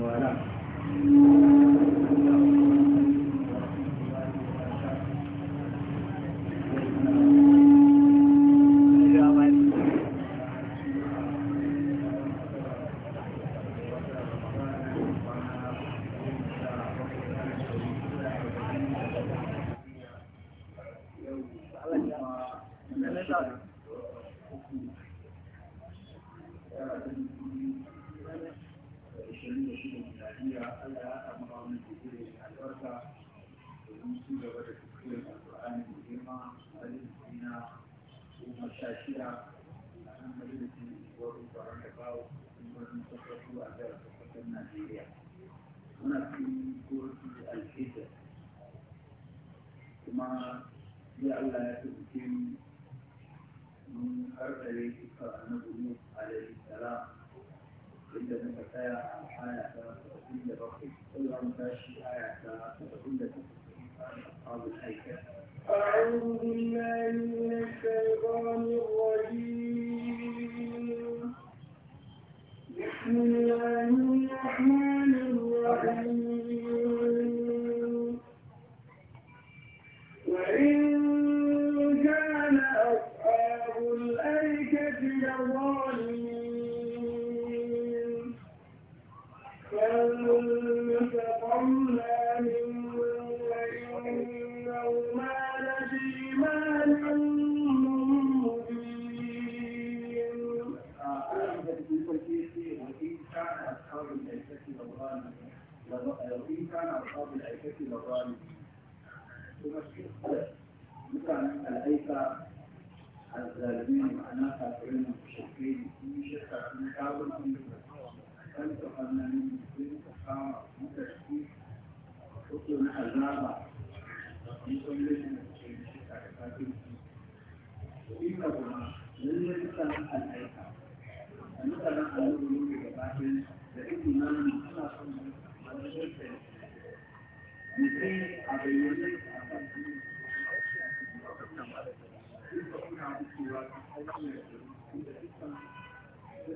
وعلى آله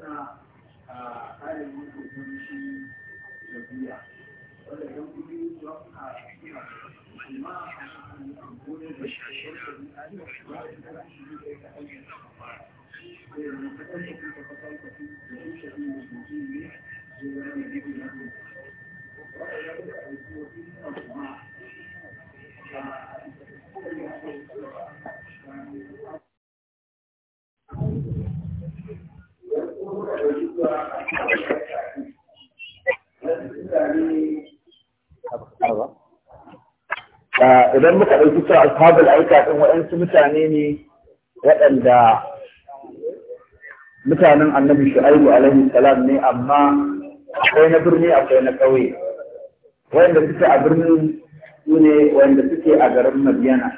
suna a kayan yin hukunci da biya wanda don kuɗi zuwa a biya amma a kan amfani da shi da biya ba a yi da shi da ya kaɗan da ta fara da ya kaɗan da ta fara da shi da shi da mutum ne da ya zama da biya ne wanda ya kuka aiki wa kuma kuma kuma Ah, idan muka ɗauki cewa ashabul aika ɗin waɗansu mutane ne waɗanda mutanen annabi shu'aibu alaihi salam ne amma akwai na birni akwai na ƙauye waɗanda suke a birni su ne waɗanda suke a garin madiyana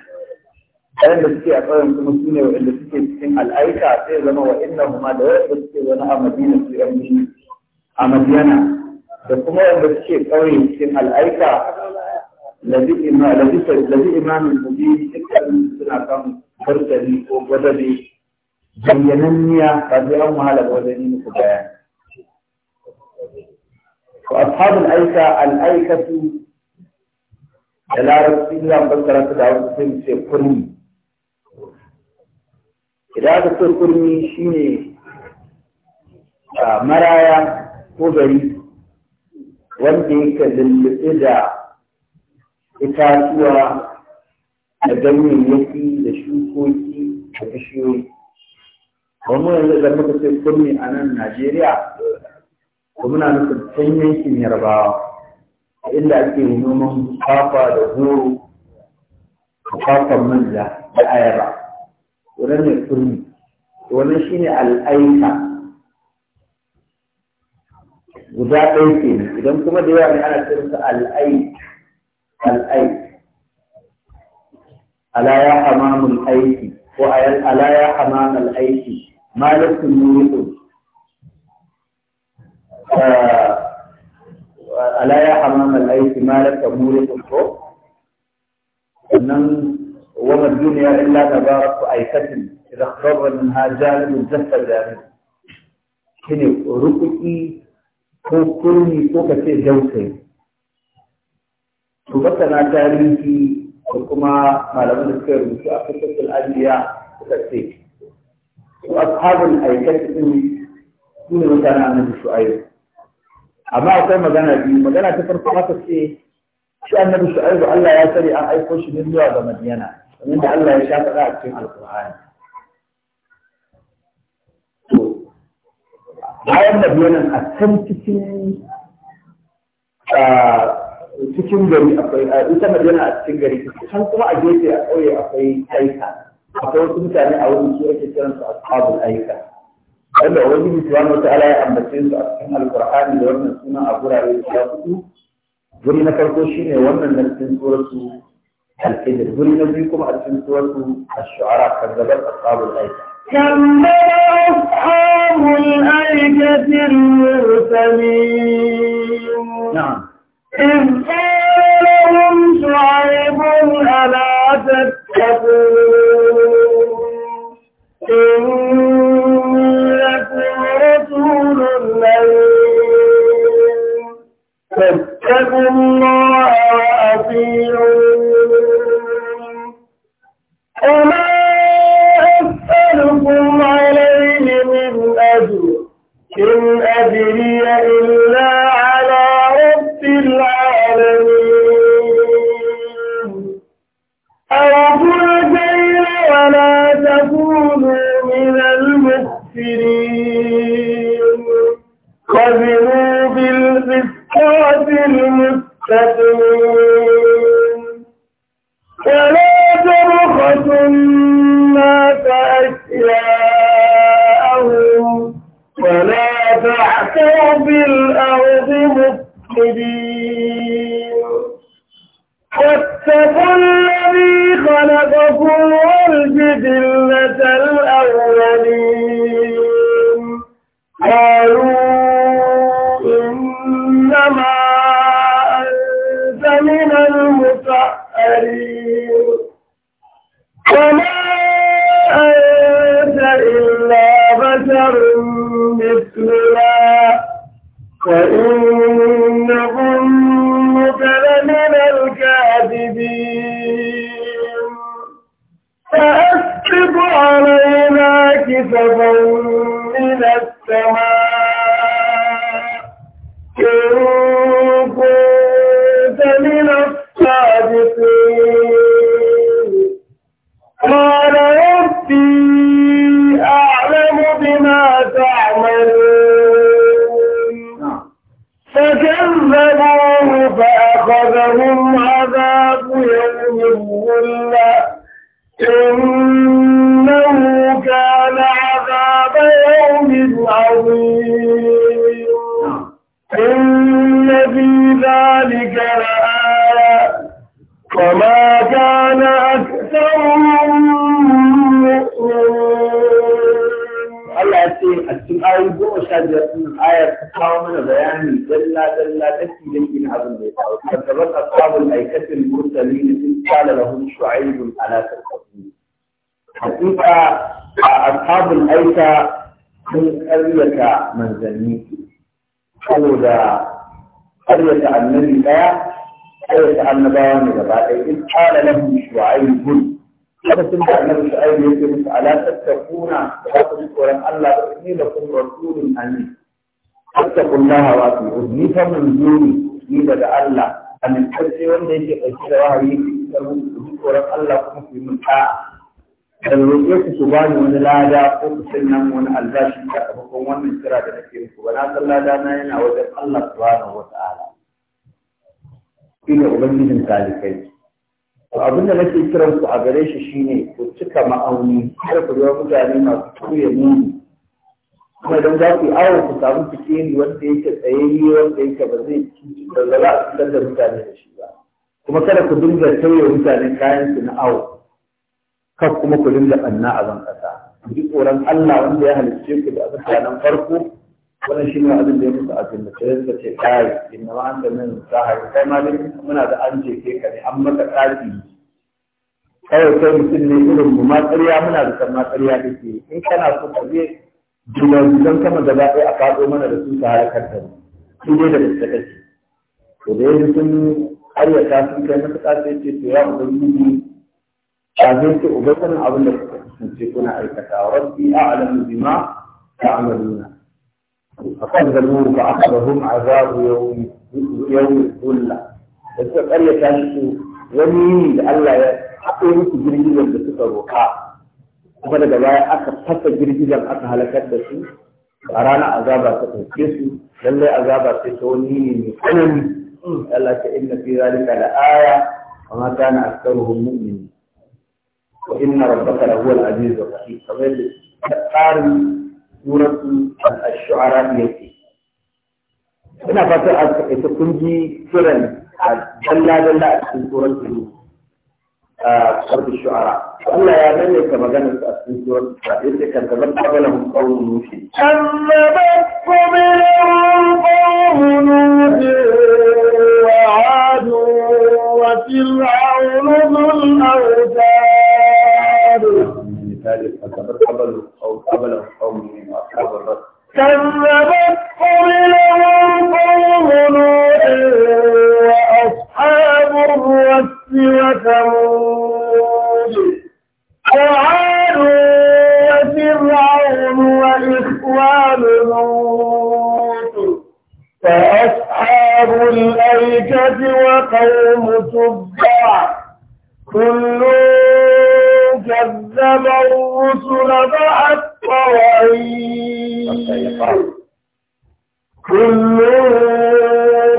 waɗanda suke a ƙauyen kuma su ne waɗanda suke cikin al'aika sai zama wa inna huma da wanda suke wani a madina su yan a madina da kuma wanda suke kauye cikin al'aika labi imanin mubi dukkan suna kan barkari ko gwadabe bayyananniya ba zai an wahala ba wajen muku bayani. Ko ashabul aika al'aikatu da larabci zan fassara su da wasu sai mu ce kurmi idan aka ce kurmi shine ah, maraya ko gari wanda yake lullube da itatuwa da ganyayyaki da shukoki da bishiyoyi kuma yanzu idan muka ce kurmi a nan najeriya ko muna nufin can yankin yarbawa inda ake noman kwakwa da goro da kwakwan manja da ayaba wannan ne kurmi wannan shine al'aika guda ɗaya ke idan kuma da yawa ne ana ce masa al'aik al'aik ala ya amamul aiki ko ala ya amamul aiki malikun nurikun eh, ala ya amamul aiki malikun nurikun ko sannan وما الدنيا إلا نبارة أيكة إذا اخضر منها جانب زف جانب شنو ركئي ko kurmi ko ka ce jautai to masana tarihi ko kuma malaman da suka rubutu a fasasul aliya suka ce to ashabul aikati din su ne mutane annabi shu'aib amma akwai magana biyu magana ta farko aka ce shi annabi Allah ya sani an aiko shi ne zuwa ga Madiyana Wanda Allah ya sha faɗa a cikin al To, bayan da nan a kan cikin ah, cikin gari akwai ah, ita Madina a cikin gari can kuma a gefe a ƙauye akwai aika akwai wasu mutane a wurin su yake kiran su ashabul aika wanda wani subhanahu ala ya ambace su a cikin alqur'ani da wannan sunan a gurare ya fito guri na farko shine wannan na cikin suratu هل ظلم نبيكم ألفين سورة الشعراء كذبت أصحاب الأيكة كذب أصحاب الأيكة المرسلين نعم إذ قال لهم شعيب ألا تتقون إني لكم رسول أمين فاتقوا الله وأطيعون Amen. Allah'ım. indakum rasulun amin fattaqullaha wa atii'un ni fa manzuri ni daga Allah amin sai wanda yake ɗauke da wahayi da mutum tsoron Allah kuma ku mun ta'a da roƙe ku su bani wani lada ko ku sanya wani albashi sakamakon wannan kira da nake muku ba na san lada na yana wajen Allah subhanahu wa ta'ala ina ubangijin talikai to abin da nake kiran ku a gare shi shine ku cika ma'auni kar ku zama mutane masu tuye muni kuma idan za ku yi awon ku samu fikiri wanda yake tsayayye wanda yake ba zai ba za a fitar da mutane da shi ba kuma kada ku dinga tauye mutane kayan su na awo kan kuma ku dinga ɓanna a ban ƙasa ji tsoron Allah wanda ya halicce ku da mutanen farko wannan shi ne abin da ya musu abin da sai suka ce kai inna ma anta min sahari kai ma dai muna da an jefe ke kare an maka tsafi kawai kai mutum ne irin mu ma ƙarya muna da san ma ƙarya ke. in kana so ka je dubban sama gaba ɗaya a faɗo mana da su ta halakar da mu su dai da gaske kake to da yanzu sun ayyata sun kai masa ƙasa ce to ya ubangiji kafin ce ubai sanin abin da suka kasance kuna aikata rabbi a'lamu bima ta'maluna فقدموا فأخذهم عذاب يوم يوم الظلة da suka karyata shi wani da Allah ya haɗe musu girgizar da suka roƙa kuma daga baya aka fasa girgizan aka halakar da su a ranar azaba ta ɗauke su lallai azaba sai ta wani ne mai tsanani Allah ta inna fi zalika da aya wa ma kana aktsaruhum mu'minin wa inna rabbaka la huwal azizur rahim kamar da tsarin suratu al-shu'ara yake ina fatan a ita kun ji kiran a dalla dalla a cikin suratu حرب الشعراء الله يا من كما قالت في سورة إذ كذبت قبلهم قوم نوح كذبت قبلهم قوم نوح وعاد وفرعون ذو الأوتاد كذبت قبلهم قوم نوح وأصحاب الرسل كذبت قوم تبع كل كذب الرسل فحق وعيد كل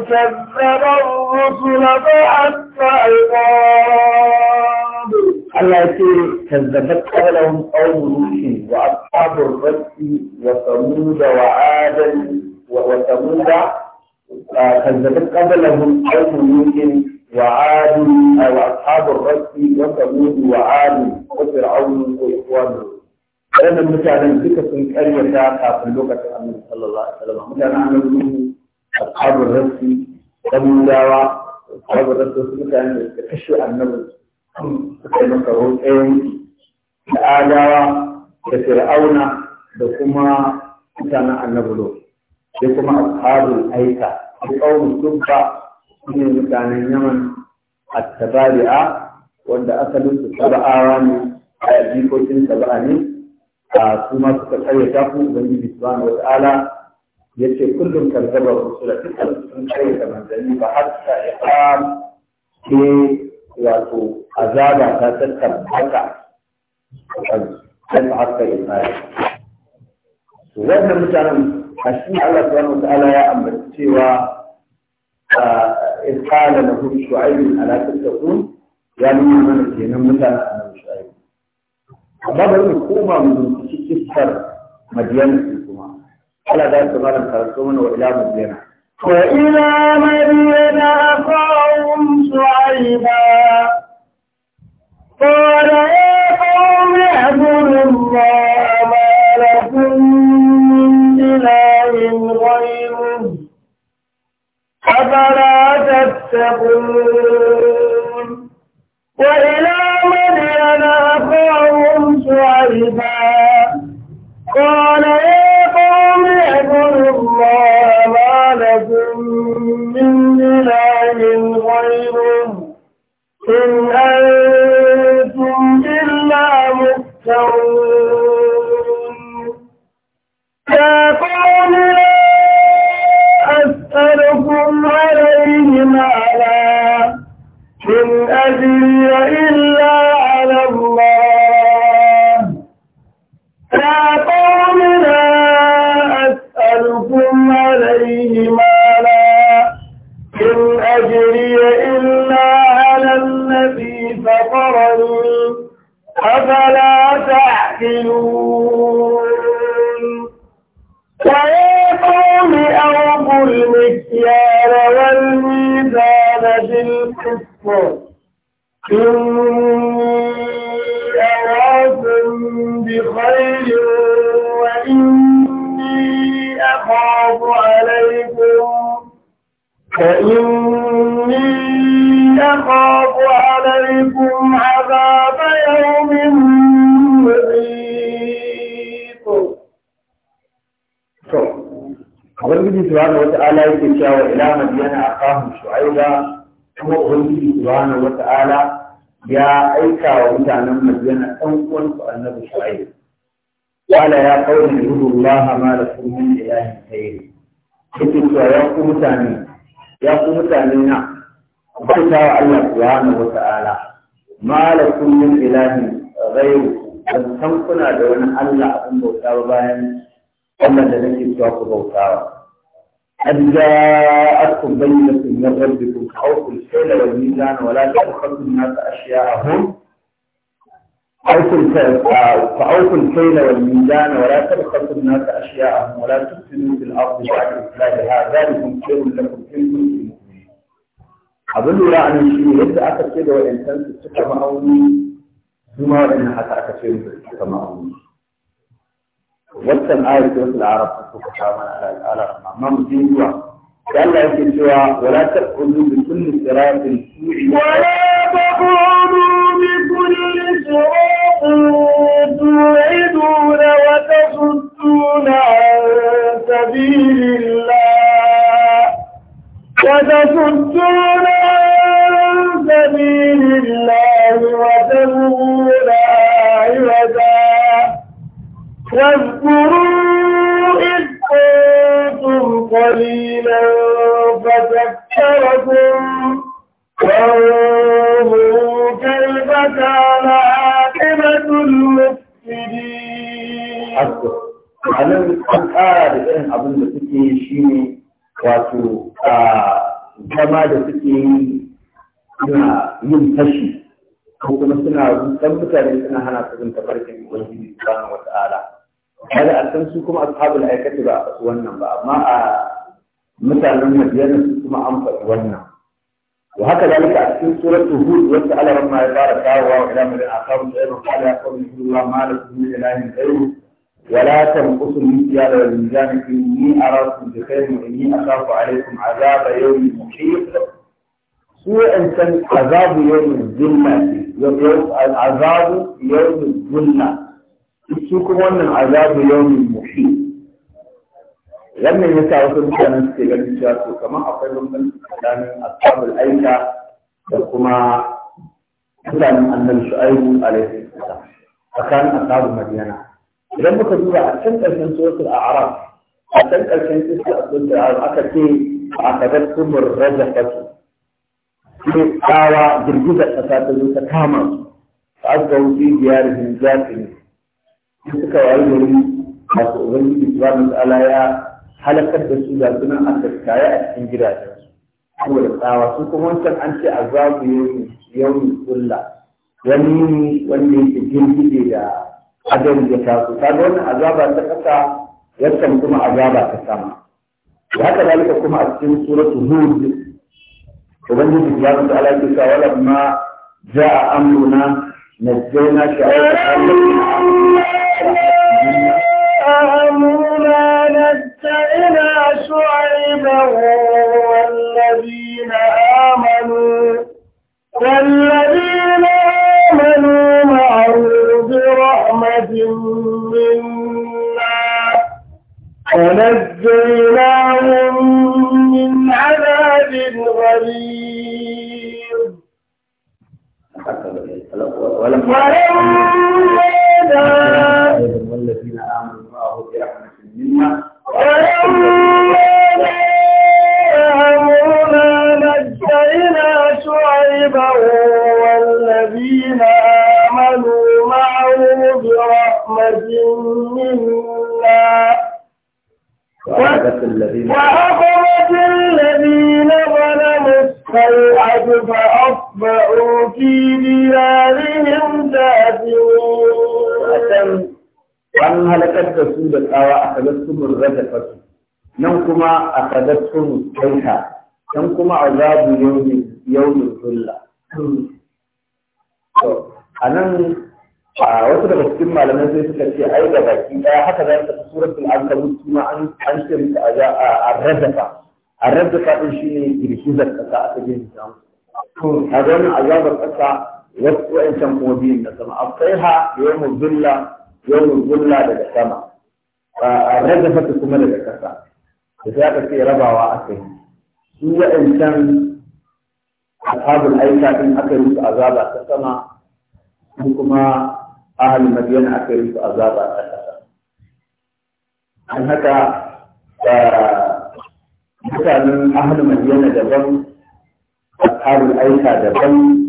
كذب الرسل فحق عقاب التي يقول كذبت قبلهم قوم نوح واصحاب الرس وثمود وعاد وثمود كذبت قبلهم قوم نوح وعاد واصحاب الرس وثمود وعاد وفرعون واخوانه wadannan mutanen duka sun karyata kafin lokacin annabi sallallahu alaihi wasallam mutanen annabi abu rasu kamudawa abu rasu su da suka kashe annabi suka yi maka rotsayen da adawa da fir'auna da kuma mutanen annabi lokacin sai kuma ashabul aika sai kaumun ne shine mutanen yaman at-tabari'a wanda asalin su tabawa ne a jikokin taba'a ne a kuma suka karya ta ku ubangiji subhanahu wa ta'ala yace kullum karzaba rusula dukkan sun karya da manzanni ba har ta iqam ke wato azaba ta tattabbata kan hatta iqam wannan mutanen a shi Allah subhanahu ta'ala ya ambaci cewa in kana na hum shu'aib ala tattaqun ya nuna mana kenan mutanen annabi shu'aib amma bari mu koma mu cikin kissar madiyan kuma Allah da ta bada karatu mana wa ila madiyana wa ila madiyana aqawm shu'aiba قال أفلا تتقون وإلى مدين أخاهم شعيبا قال يا قوم اعبدوا الله ما لكم من إله غيره إن هي إلا على الله يا قوم لا أسألكم عليه مالا إن أجري إلا على الذي فطرني أفلا تعقلون ويا قوم أوفوا المكيال والميزان بالقسط إني أراكم بخير وإني أخاف عليكم فإني أخاف عليكم عذاب يوم محيط Ubangiji subhanahu wata'ala yake cewa ila madiyana akahum shu'aiba kuma Ubangiji subhanahu wata'ala ya aika wa mutanen Madina ɗan su annabi Shu'aib qala ya qaumi allah ma lakum min ilahin ghayri yake cewa ya ku mutane ya ku mutane na bauta Allah subhanahu wa ta'ala ma lakum min ilahin ghayru ban san da wani Allah abin bauta ba bayan wannan da nake cewa ku bautawa أن جاءتكم بينة من ربكم فأوفوا الكيل والميزان ولا تبخسوا الناس أشياءهم فأوفوا الكيل والميزان ولا تبخسوا الناس أشياءهم ولا تفسدوا في الأرض بعد إصلاحها ذلكم خير لكم إن كنتم مؤمنين. أظن لا أن shi ne أكثر aka وإن da wa'yancan su cika ma'auni kuma waɗanda haka في السكة su wannan ayar da wasu arab su ka kawo mana al'alar amma mu ji zuwa Allah yake cewa wala taqulu bi kulli siratin su'i wala taqulu bi kulli siratin tu'iduna wa tasudduna an sabilillah wa tasudduna an sabilillah wa tasudduna واذكروا إذ كنتم قليلا فتكركم وانظروا كيف كان عاقبة المفسدين ƙara da shi wato zama da suke yin tashi ko kuma suna rusan mutane suna hana su zinta farkin ubangiji subhanahu wata'ala هذا a san أصحاب الآيات تبع aikati ما آه، مثلا من مدينة ba amma a وهكذا لك في سورة هود وسأل ربنا يبارك الله وإلى من آخر شيئا قال يا قوم اعبدوا الله ما لكم من إله غيره ولا تنقصوا المكيال والميزان إني أراكم بخير وإني أخاف عليكم عذاب يوم محيط سوء إنسان عذاب يوم الظلمة يوم عذاب يوم الظلمة su kuma wannan azabu yawmin muhi wannan ya sa wasu mutanen suke ganin cewa to kamar akwai bambanci tsakanin ashabul aika da kuma mutanen annabi shu'aibu alaihi salam tsakanin ashabul madiyana idan muka duba a can ƙarshen suratul a'raf a can ƙarshen suratul a'raf aka ce a kadar sumur rajafatu sai tsawa girgizar ƙasa ta zo ta kama su fa'azzawu fi diyarihim zafin in suka wayi gari masu ubangiji subhanahu ta'ala ya halakar da su ga sunan a kaskaya a cikin gidajen su da tsawa su kuma wancan an ce azabu yawmi yawmi kulla wani ne wanda yake girgije da adam Ta taso kaga wannan azaba ta kasa yakan kuma azaba ta sama haka dalika kuma a cikin suratul hud ubangiji subhanahu ta'ala ya ce wala ma ja'a amruna najjayna sha'a آمنا نستئنا شعيبا والذين آمنوا والذين آمنوا معه برحمة منا ونجيناهم من عذاب غليظ ولما نادى أيضا والذين آمنوا الله برحمة منا آمنا نجينا شعيبا والذين آمنوا معه برحمة منا وأخذت الذين ظلموا الصيحة فأصبحوا في ديارهم جاثمين an halakar da su da tsawa a kalastumur radafatu nan kuma a kalastumur kaita nan kuma a zabu yau kulla to a nan a wasu daga cikin malamai sai suka ce ai da baki daya haka za ta suratul ankabut kuma an an ce mata aza a radafa a radafa din shine girki da kasa a cikin jami'a to a ga wannan azabar kasa wasu wa'ancan kuma biyun da sama afaiha yawmul zulla yawon gulla daga sama a rarrafa ta kuma daga ƙasa da za ka ce rabawa a kai su waɗancan ashabul aisha din aka yi musu azaba ta sama su kuma ahal madiyana aka yi musu azaba ta ƙasa an haka da mutanen ahal madiyana daban ashabul aisha daban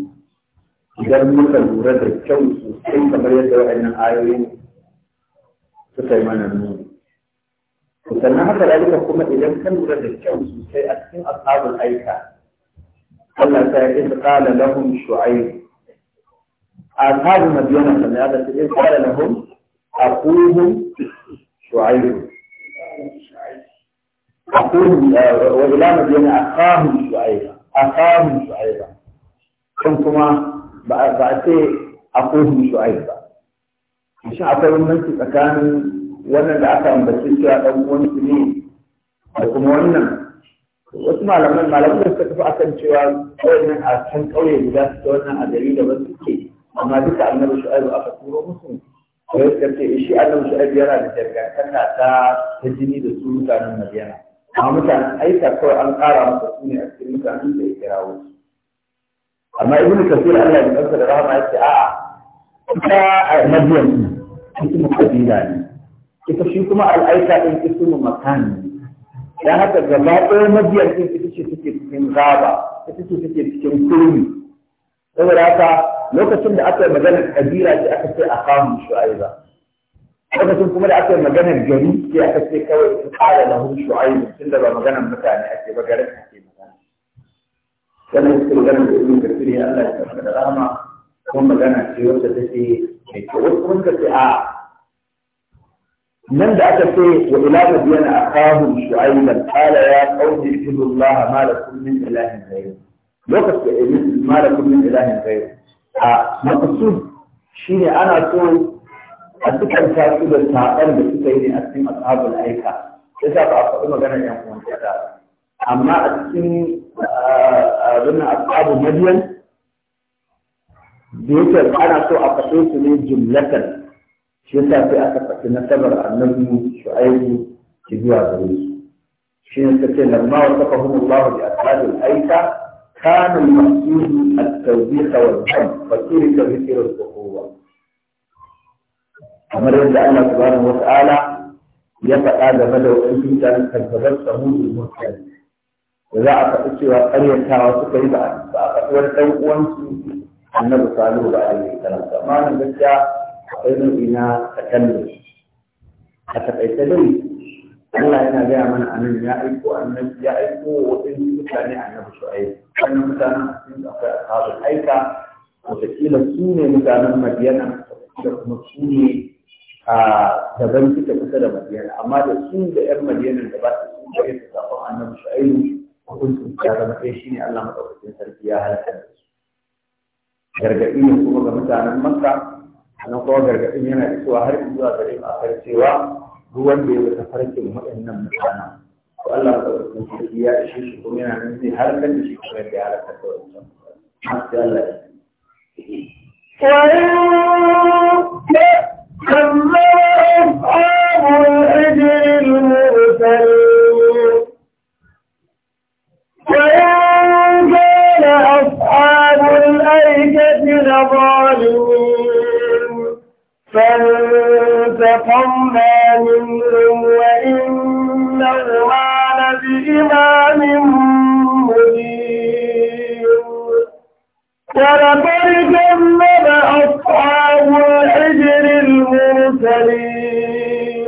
idan muka lura da kyau sosai kamar yadda waɗannan ayoyin suka yi mana nuni sannan haka dalika kuma idan ka lura da kyau sosai a cikin ashabul aika Allah ta yi ta kala lahum shu'aib ashabu madiyana sannan ya ta yi kala lahum aquhum shu'aib aquhum eh, wa ila madiyana aqahum shu'aib aqahum shu'aib kan kuma ba a ce a kohun shu'aib ba shi akwai bambanci tsakanin wannan da aka ambaci a ɗan uwan su ne da kuma wannan wasu malaman malaman da suka tafi akan cewa wannan a can kauye guda su ta wannan a gari da wasu ke amma duka annabi shu'aib aka turo musu sai suka ce shi annabi shu'aib yana da dangantaka ta ta jini da su mutanen madina amma mutanen aika kawai an ƙara masa su ne a cikin mutanen da ya kirawo amma ibn kasir Allah ya kansa da rahama yace a'a ita a madiyan ismu kabila ne ita shi kuma al'aika din ismu makan ne dan haka gaba ɗaya madiyan din ita ce take cikin gaba ita ce take cikin kurmi saboda haka lokacin da aka yi maganar kabila ce aka ce a kamun shu'aiba lokacin kuma da aka yi maganar gari sai aka ce kawai in kara lahu shu'aibu tunda ba maganar mutane ake ba garin ake ba wannan cikin maganar da ibn kafir ya Allah ya tsarka da rahama kuma magana ce wacce take mai kyau wasu kuma suka ce a nan da aka ce wa ila madiyana akahum shu'aiban qala ya qawmi ibudullaha ma lakum min ilahin ghayr lokacin da ibn ma lakum min ilahin ghayr a maqsud shine ana so a cikin tasu da saɓar da suka yi ne a cikin ashabul aika yasa ba a faɗi maganar yan uwan da أما أتكين آه، آه، أبنى أصحاب مدين بيكي أبعنا سوء أفتوس لي جملة شيسا في أفتك نتبر عن نبي شعيب جدوى بريس شيسا في لما وصفهم الله بأصحاب الأيكة كان المحسوس التوبيخ والدم فكير كبير القوة أمر إذا أنا سبحانه وتعالى يفعل هذا مدى وإنسان تنفذت سمود المحسوس za a faɗi cewa ƙaryatawa suka yi ba a faɗi wani ɗan uwansu annabi salihu ba a yi karanta amma nan gaskiya akwai nau'i na takallu a taƙaice dai Allah yana gaya mana a nan ya aiko annabi ya aiko waɗansu mutane annabi shu'aib wannan mutanen a cikin akwai ashabul aika wataƙila su ne mutanen madiyana da kuma su ne a daban suke kusa da madiyana amma da su da 'yan madiyanan da ba su da yadda zafin annabi shu'aibu hukuncin ya zama ɗaya shine Allah madaukakin sarki ya halaka da su gargaɗi ne kuma ga mutanen Makka sannan kuma gargaɗin yana isowa har zuwa gare mu a cewa ruwan da ya bi tafarkin waɗannan mutanen to Allah madaukakin sarki ya ishe shi kuma yana nan zai halakar da shi kamar da ya halakar da wancan masu Allah ya وإن كذب أصحاب الحجر المؤمنين فانتقمنا منهم وإنهما لبإمام مبين ولقد جنب أصحاب الحجر المرسلين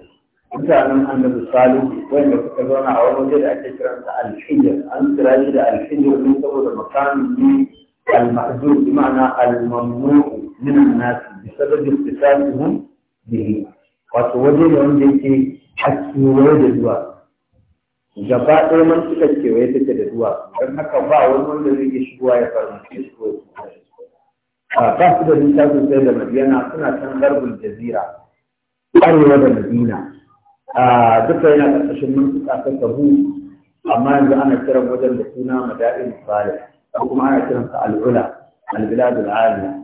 mutanen annabi salihu wanda suka zauna a wani waje da ake kiran kiransa alhijir an kira shi da alhijir ne saboda makamin ne al-mahzur bi ma'ana al-mamnu min an-nas bi sababi ittisafihum bihi wato waje ne wanda yake hakiwaye da zuwa gaba ɗaya man suka kewaye take da zuwa don haka ba wani wanda zai iya shigowa ya farmace shi ko a ba su da littafin sosai da madiyana suna can garbul jazira arewa da madina a duka yana ƙarƙashin mantuka ta sabu amma yanzu ana kiran wajen da suna mada'in salih kuma ana kiransa al'ula albiladul aliya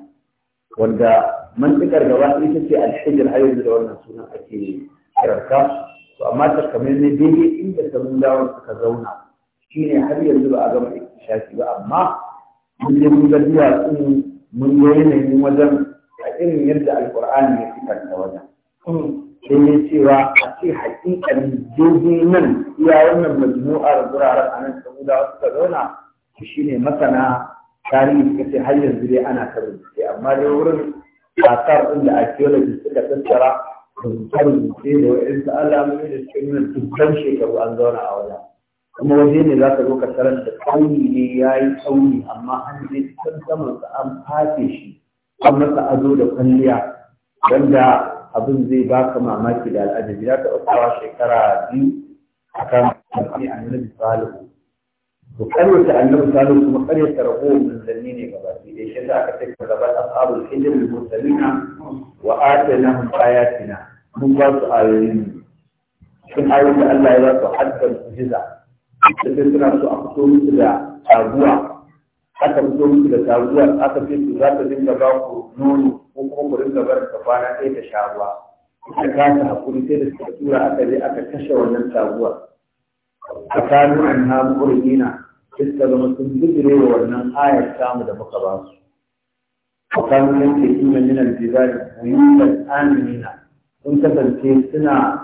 wanda mantukar gaba ita ce alhijir har yanzu da wannan sunan ake kiranta to amma ta kamar ne daidai inda samudawan suka zauna shine har yanzu ba a gama iktishafi ba amma mun je mun ga duwatsun mun ga yanayin wajen a irin yadda alƙur'ani ya fitar da wajen hmm. sai cewa a ce hakikan jirgi nan iya wannan majmu'ar guraren a nan saboda suka zauna shi shine masana tarihi suka ce har yanzu dai ana ta rubuce amma dai wurin kasar ɗin da archaeology suka tattara rubuce rubuce da su alamomi da suke nuna shekaru an zauna a wajen kuma waje ne za ka zo ka da tsauni ne ya yi tsauni amma an je can saman an fafe shi an masa ado da kwalliya wanda abin zai baka mamaki da al'ajabi ya taɓa kawo shekara biyu a kan mafi annabi salihu to karyata annabi salihu kuma karyata ragowar manzanni ne gaba ki dai shi aka ce ka gaba ashabul hijr al mursalina wa atanahum tina. mun ba su ayoyin sun ayoyin da Allah ya ba su haddan mu'jiza sai suna so a fito musu da taguwa aka fito musu da taguwa aka ce su za ta dinga ba ku nono kun kuma murin da bar ka kwana ɗaya da sha ruwa ita ka ta hakuri sai da suka tura aka je aka kashe wannan sabuwar tsakanin an na mu'urgina suka zama sun bijire wa wannan ayar samu da muka ba su وكانوا kuma من الجبال بيوتا آمنين sun kasance suna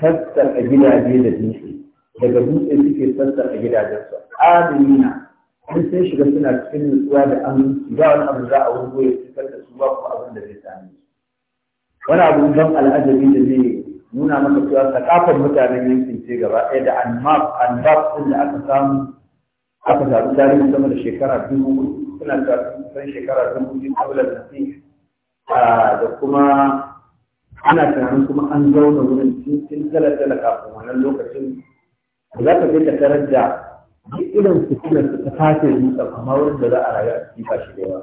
sassaka gidaje da dutse daga dutse suke sassaka gidajensu amina An sai shiga suna cikin nutsuwa da an ba wani abu za a wurgo ya fitar da su ba ko abin da zai same su wani abu ban al'ajabi da zai nuna maka cewa sakafar mutanen yankin ce gaba ɗaya da anmap anmap ɗin da aka samu aka zaɓi tarihi sama da shekara dubu suna da san shekara dubu biyu a wula da da kuma ana tunanin kuma an zauna wurin cikin talatala kafin wannan lokacin za ka je ka tarar da duk irin fitilar ta tashi dutsen amma wurin da za a rayu a ciki ba shi da yawa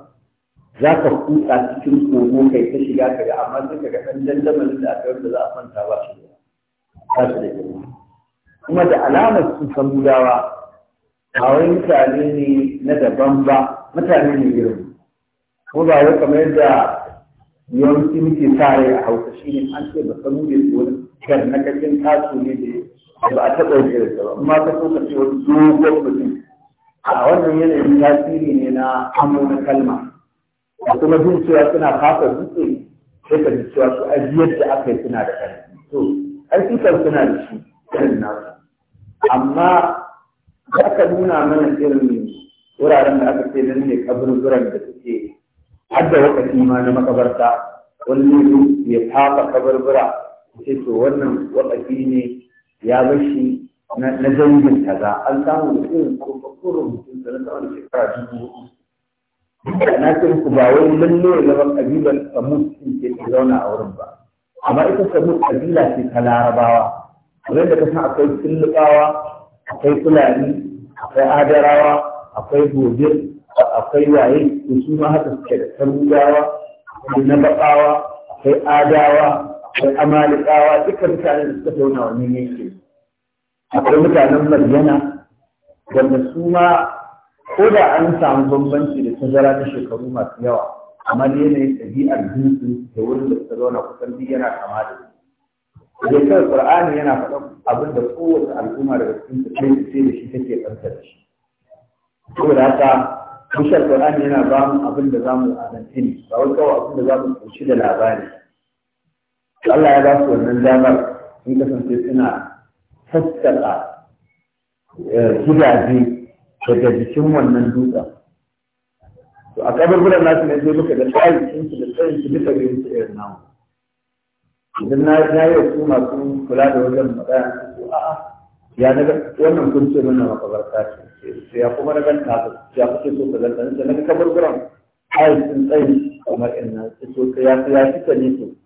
za ka kutsa cikin kogo kai ta shiga ka ga amma sai ka ɗan dandamalin da aka yi da za a kwanta ba shi da ba shi da yawa kuma da alamar sun san gudawa ba wai mutane ne na daban ba mutane ne irin kuma ba wai kamar yadda yawanci muke sa rai a hausa shi ne an ce ba san gudu wani gar na tasu ne da ya ba a taɓa yin ba amma ka so ce wani dogon mutum a wannan yanayin tasiri ne na amo na kalma da kuma jin cewa suna fasa dutse sai ka ji cewa su ajiyar da aka yi suna da ƙarfi to ƙarfi suna da shi irin nasu amma da aka nuna mana irin wuraren da aka ce nan ne kaburburan da suke hadda wakati ma na makabarta wani ya fafa kabarbura sai to wannan wakati ne ya bashi na dangin kaza an samu da irin tsofaffin rubutun da na tsawon shekara dubu hudu na ce ku ba wai lalle ya zama kabilar samud din ke zauna a wurin ba amma ita samud kabila ce ta larabawa kamar da ka san akwai tullubawa akwai fulani akwai adarawa akwai gobe, akwai waye to su ma haka suke da sarudawa akwai nabaƙawa akwai adawa al'amalikawa duka mutanen da suka zauna wannan ke. akwai mutanen maryana wanda su ma ko da an samu bambanci da tazara ta shekaru masu yawa amma da yanayin ɗabi'ar dutse da wurin da suka zauna kusan duk yana kama da su da kawai qur'ani yana faɗan abin da kowace al'umma daga cikin ta kai ce da shi take ɗanta da shi saboda haka bishar qur'ani yana ba mu abin da za mu azanci ne ba wai kawai abin da za mu tsoci da labari Allah ya ba su wannan damar sun kasance suna sassaka eh, gidaje daga jikin wannan dutsen to a gudan nasu ne zai muka da tsayin su da tsayin su duka da su irin namu idan na yi su masu kula da wajen magana su a'a ya daga wannan kun ce mana makabarta ce ya kuma na ganta ka ya kuke so ka ganta ta na kabar guran ayin sun tsayi kamar in nan ya ya fita ne su.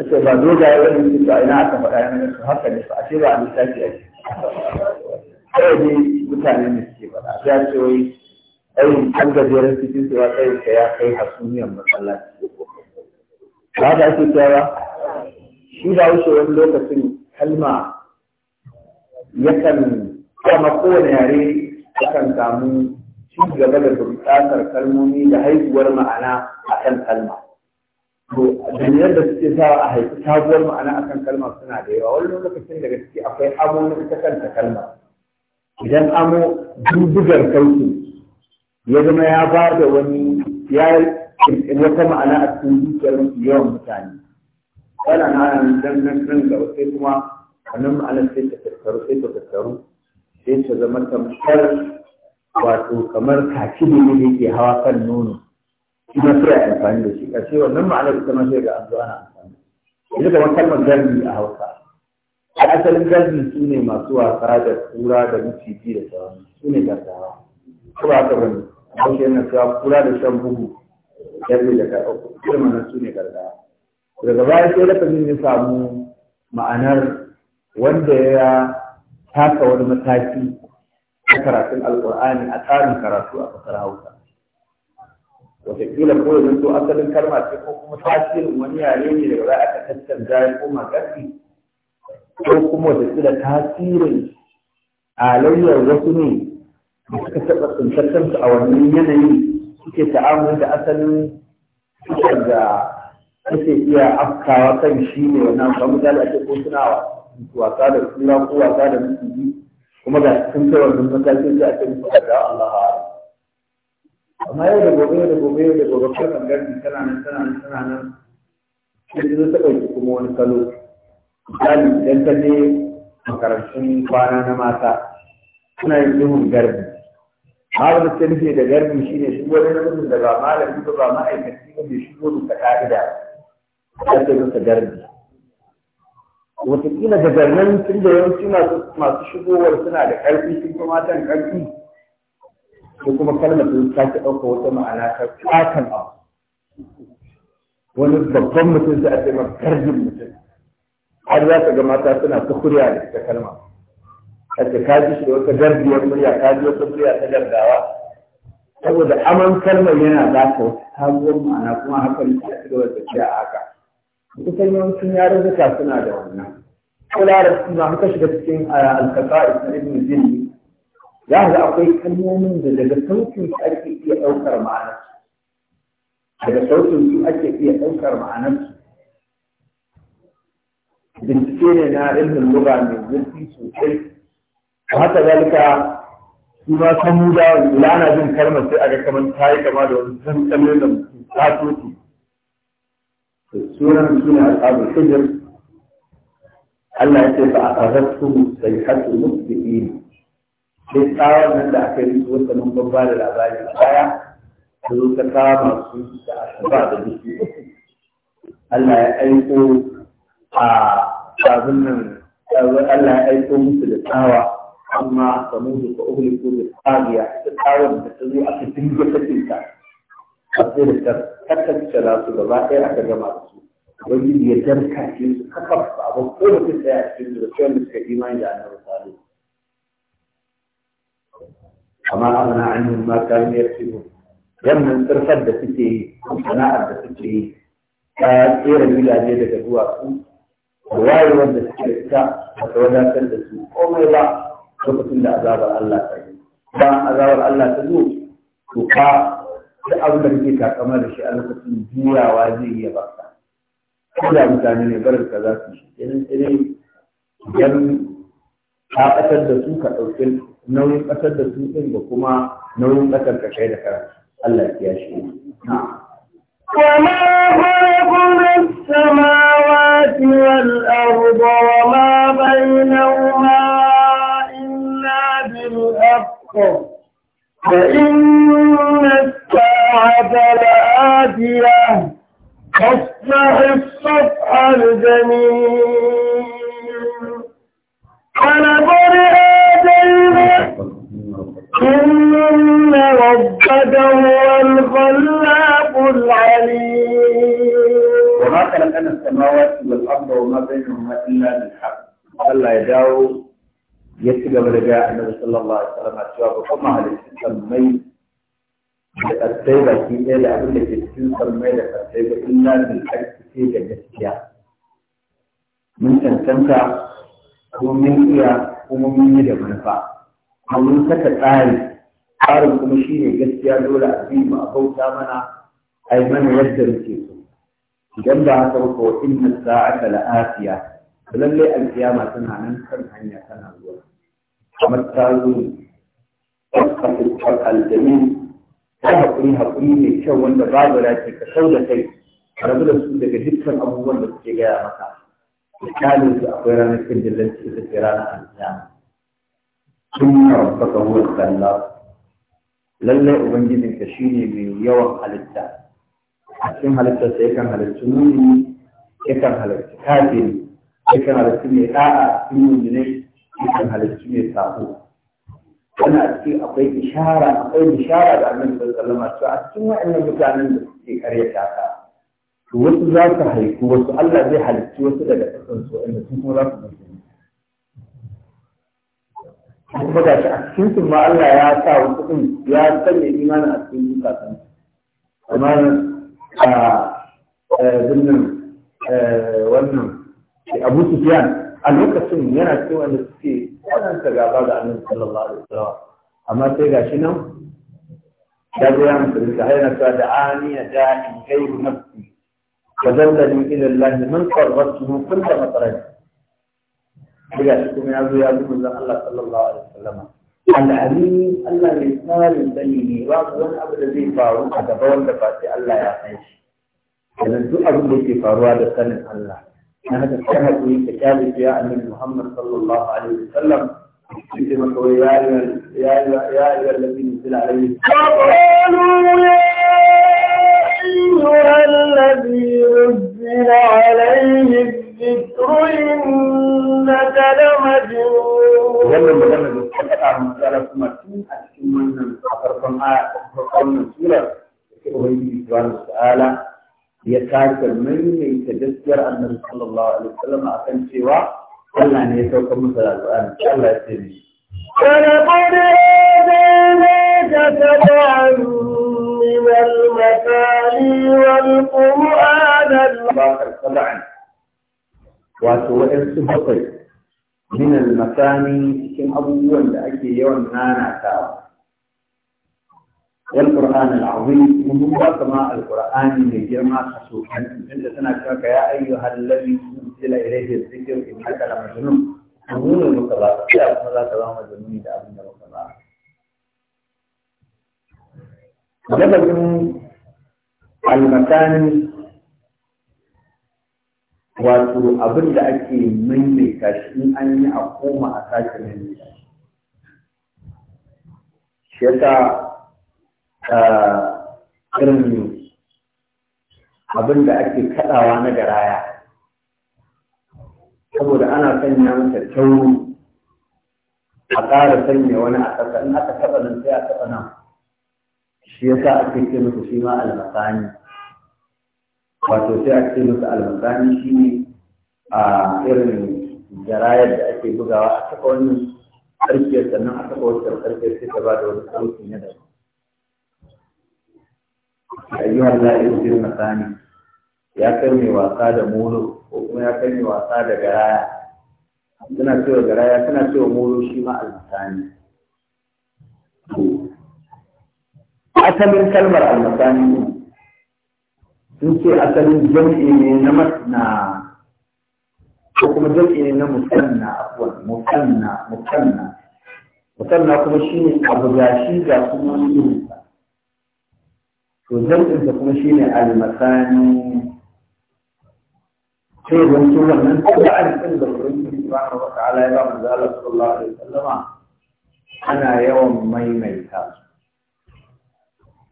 ake ba dogaye wani su a ina aka faɗa yana su haka ne a ce ba a lissafi ake kawai dai mutane ne suke faɗa ya ce wai ɗayin an gajeren cikin su ya kai ka ya kai hasumiyan masallaci ba ka ake cewa shi ba wuce wani lokacin kalma yakan kama kowane yare yakan samu ci gaba da buƙatar kalmomi da haihuwar ma'ana a kan kalma dalilan da suke sa a haifi sabuwar ma'ana akan kalma suna da yawa wani lokacin daga ciki akwai amo na ita kanta kalma idan amo dubugar sauti ya zama ya ba da wani ya wata ma'ana a cikin zuciyar yawan mutane na hana dan nan nan da wasu, kuma wannan ma'ana sai ta tattaru sai ta tattaru sai ta zama tamkar wato kamar kaki ne da yake hawa kan nono kuma sai a amfani da shi ƙarshe wannan ma'ana ita ma sai ga an zo ana amfani yanzu kamar kalmar garbi a hausa a asalin garbi su ne masu wasa da kura da miciji da sauran su ne gargawa ko ba haka bane hausa yana cewa kura da shan bugu garbi da karɓa kuma mana su ne gargawa daga baya sai lafazin ya samu ma'anar wanda ya taka wani mataki a karatun alƙur'ani a tsarin karatu a ƙasar hausa wataƙila ko yanzu to asalin kalma ce ko kuma tasirin wani yare ne da za a ka tattanta ya koma ƙarfi ko kuma wataƙila tasirin alayyar wasu ne da suka taɓa tsintar kansu a wannan yanayi suke ta'amuli da asalin cutar da ake iya afkawa kan shi ne wannan ba misali a ce ko suna wasa da kura ko wasa da mutum kuma ga sun kai wannan matakin sai a ce musu Allah amma yau da gobe da gobe yau da gobe kan gangarin tana nan tana nan tana nan sai zo ta ɗauki kuma wani salo misali idan ta je makarantun kwana na mata suna yin duhun garbi har da ta nufi da garbi shine shi wani namijin da ba malami ba ba ma'aikaci ba mai shigo da ka'ida ta ce masa garbi wataƙila da garnan tun da yawanci masu shigowar suna da ƙarfi sun kuma matan ƙarfi ko kuma kalmar ta sake ɗauka wata ma'ana ta katon abu wani babban mutum sai a ce masa karjin mutum har za ka ga mata suna ta kuriya da ita kalma a ce ka ji shi da wata garbiyar murya ka ji wata murya ta gargawa saboda aman kalmar yana za ka wata sabuwar ma'ana kuma hakan ta ci gaba da tafiya a haka kusan yawancin yarurruka suna da wannan ko larabci ma haka shiga cikin alkasa'i na ibn zilli لا أقول المؤمن إذا دخلتم تؤدي في أوكر مع نفسه إذا دخلتم تؤدي في أوكر مع نفسه بنتكين أنا علم اللغة من جلسي سوحي وحتى ذلك فيما سمودا ولانا جن كلمة أجا كمان تاي كما دو سن كمين لم تاتوتي سورة سورة أصحاب الحجر الله يتبع أغسطه صيحة المسلمين duk tsawon nan da aka yi wata mun babba da labari a baya ta zo ta kama su da asuba da Allah ya aiko a sabon nan Allah ya aiko musu da tsawa amma samudu ko uhli ko da ta tsawon da ta zo a sai da ta su gaba ɗaya aka gama su wani kafa abin ko da ta tsaya da imani da annabi kama amana an yi ma kayan yarfibu wannan tsirfar da suke yi sana'ar da suke yi ta tsere gidaje daga duwatsu da wayewar da suke ta a ta wadatar da su komai ba lokacin da azabar Allah ta yi ba azabar Allah ta zo to ka ta abu da kake takama da shi a lokacin juyawa zai iya ba ka, ko da mutane ne barin ka za su shi irin irin idan ka ɓatar da su ka ɗauke nauyin ƙasar da su da kuma nauyin ƙasar ka kai da Allah ya shi وما خلقنا السماوات والأرض وما بينهما إلا بالحق فإن الساعة لآتية فاصفح الصفح الجميل إن ربك هو الخلاق العليم وما خلقنا السماوات والأرض وما بينهما إلا بالحق الله يداو يتبع رجاء النبي صلى الله عليه وسلم أشوابه كما هل يسمي السيبة في إلى أبن الجسد سمي لك السيبة إلا بالحق في جسدها من تنتمتع ومن إياه ومن يدى منفعه domin saka tsari tsarin kuma shi ne gaskiya dole a bi mu abauta mana a yi mana yadda muke so idan ba haka ba ko inna sa'ata la'afiya lallai alkiyama tana nan kan hanya tana zuwa kamar ta zo tsakatin ta haƙuri haƙuri mai kyau wanda babu rafi ka sau da kai rabu da su daga dukkan abubuwan da suke gaya maka misalin su akwai ranar kin dillanci ita ce ranar alkiyama inna rabbaka huwa al-khallaq lallai ubangijin ka shine mai yawan halitta a cikin halitta sai kan halitta muni yakan halitta kafiri yakan halitta mai da'a cikin mummunai yakan halitta mai sako wani a ciki akwai ishara akwai bishara da annabi sallallahu alaihi wasallam a cikin wa'annan mutanen da suke karyata ka wasu za su haiku wasu Allah zai halicci wasu daga kasan su inda sun kuma za su mutu kuma ga shi a cikin su ma Allah ya sa wasu din ya sanya imanin a cikin zukatan kamar a zinnan wannan Abu Sufyan a lokacin yana cikin wanda suke kwananta gaba ga Annabi sallallahu alaihi wasallam amma sai ga shi nan ya zo ya musulunta har yana cewa da ani ya da'i gairu nafsi wa zallani ila Allah man qarratuhu kulla matarati daga cikin ya zo ya zo manzon Allah sallallahu alaihi wasallam al'alim Allah mai tsarin sani ne ba wani abu da zai faru a gaba wanda ba sai Allah ya san shi yanzu duk abin da ke faruwa da sanin Allah na haka sai hakuri ta kyale ya annabi Muhammad sallallahu alaihi wasallam cikin makawai ya yi ya yi ya yi lallabi ne sila alaihi الذي نزل عليه ذكر إنك wannan magana da suka faɗa mu kuma tun a cikin wannan a farkon a farkon sura sai ubangiji subhanahu ta'ala ya sake maimaita gaskiyar annabi sallallahu alaihi wasallam akan cewa Allah ne ya saukar masa da alƙur'ani Allah ya ce ni ولقد آتيناك سبعا من واتو وإرسو من المكان كم أبوان لأكي يوان نانا تاو والقرآن العظيم من هو كما القرآن من جرما خسوحا عند سنة يا أيها الذي أنزل إليه الذكر ان لمجنون لما المطلع يا أبو الله تعالى مجنون إذا أبو الله تعالى جبل المكان wato abin da ake maimaita shi in an yi a koma a sake maimaita shi shi yasa irin abin da ake kaɗawa na garaya saboda ana sanya masa a ƙara sanya wani a ƙasa in aka taɓa nan sai a taɓa nan shi yasa ake ce masa shi ma almasani wato sai a ce musu almasani shi ne a irin jarayar da ake bugawa a taɓa wannan ƙarfiyar sannan a taɓa wata ƙarfiyar sai ta ba da wani ƙarfi na daban ayyuhar la'ir fil masani ya kai mai wasa da molo ko kuma ya kai mai wasa da garaya suna cewa garaya suna cewa molo shi ma almasani asalin kalmar almasani in ce asalin jam'i ne na masna ko kuma jam'i ne na musanna abuwan musanna musanna musanna kuma shi ne abu ga shi ga kuma shi to jam'in ta kuma shi ne almasani sai zan ci wannan Qur'an din da Ubangiji subhanahu wa ta'ala ya ba manzo Allah sallallahu alaihi wasallama ana yawan maimaita su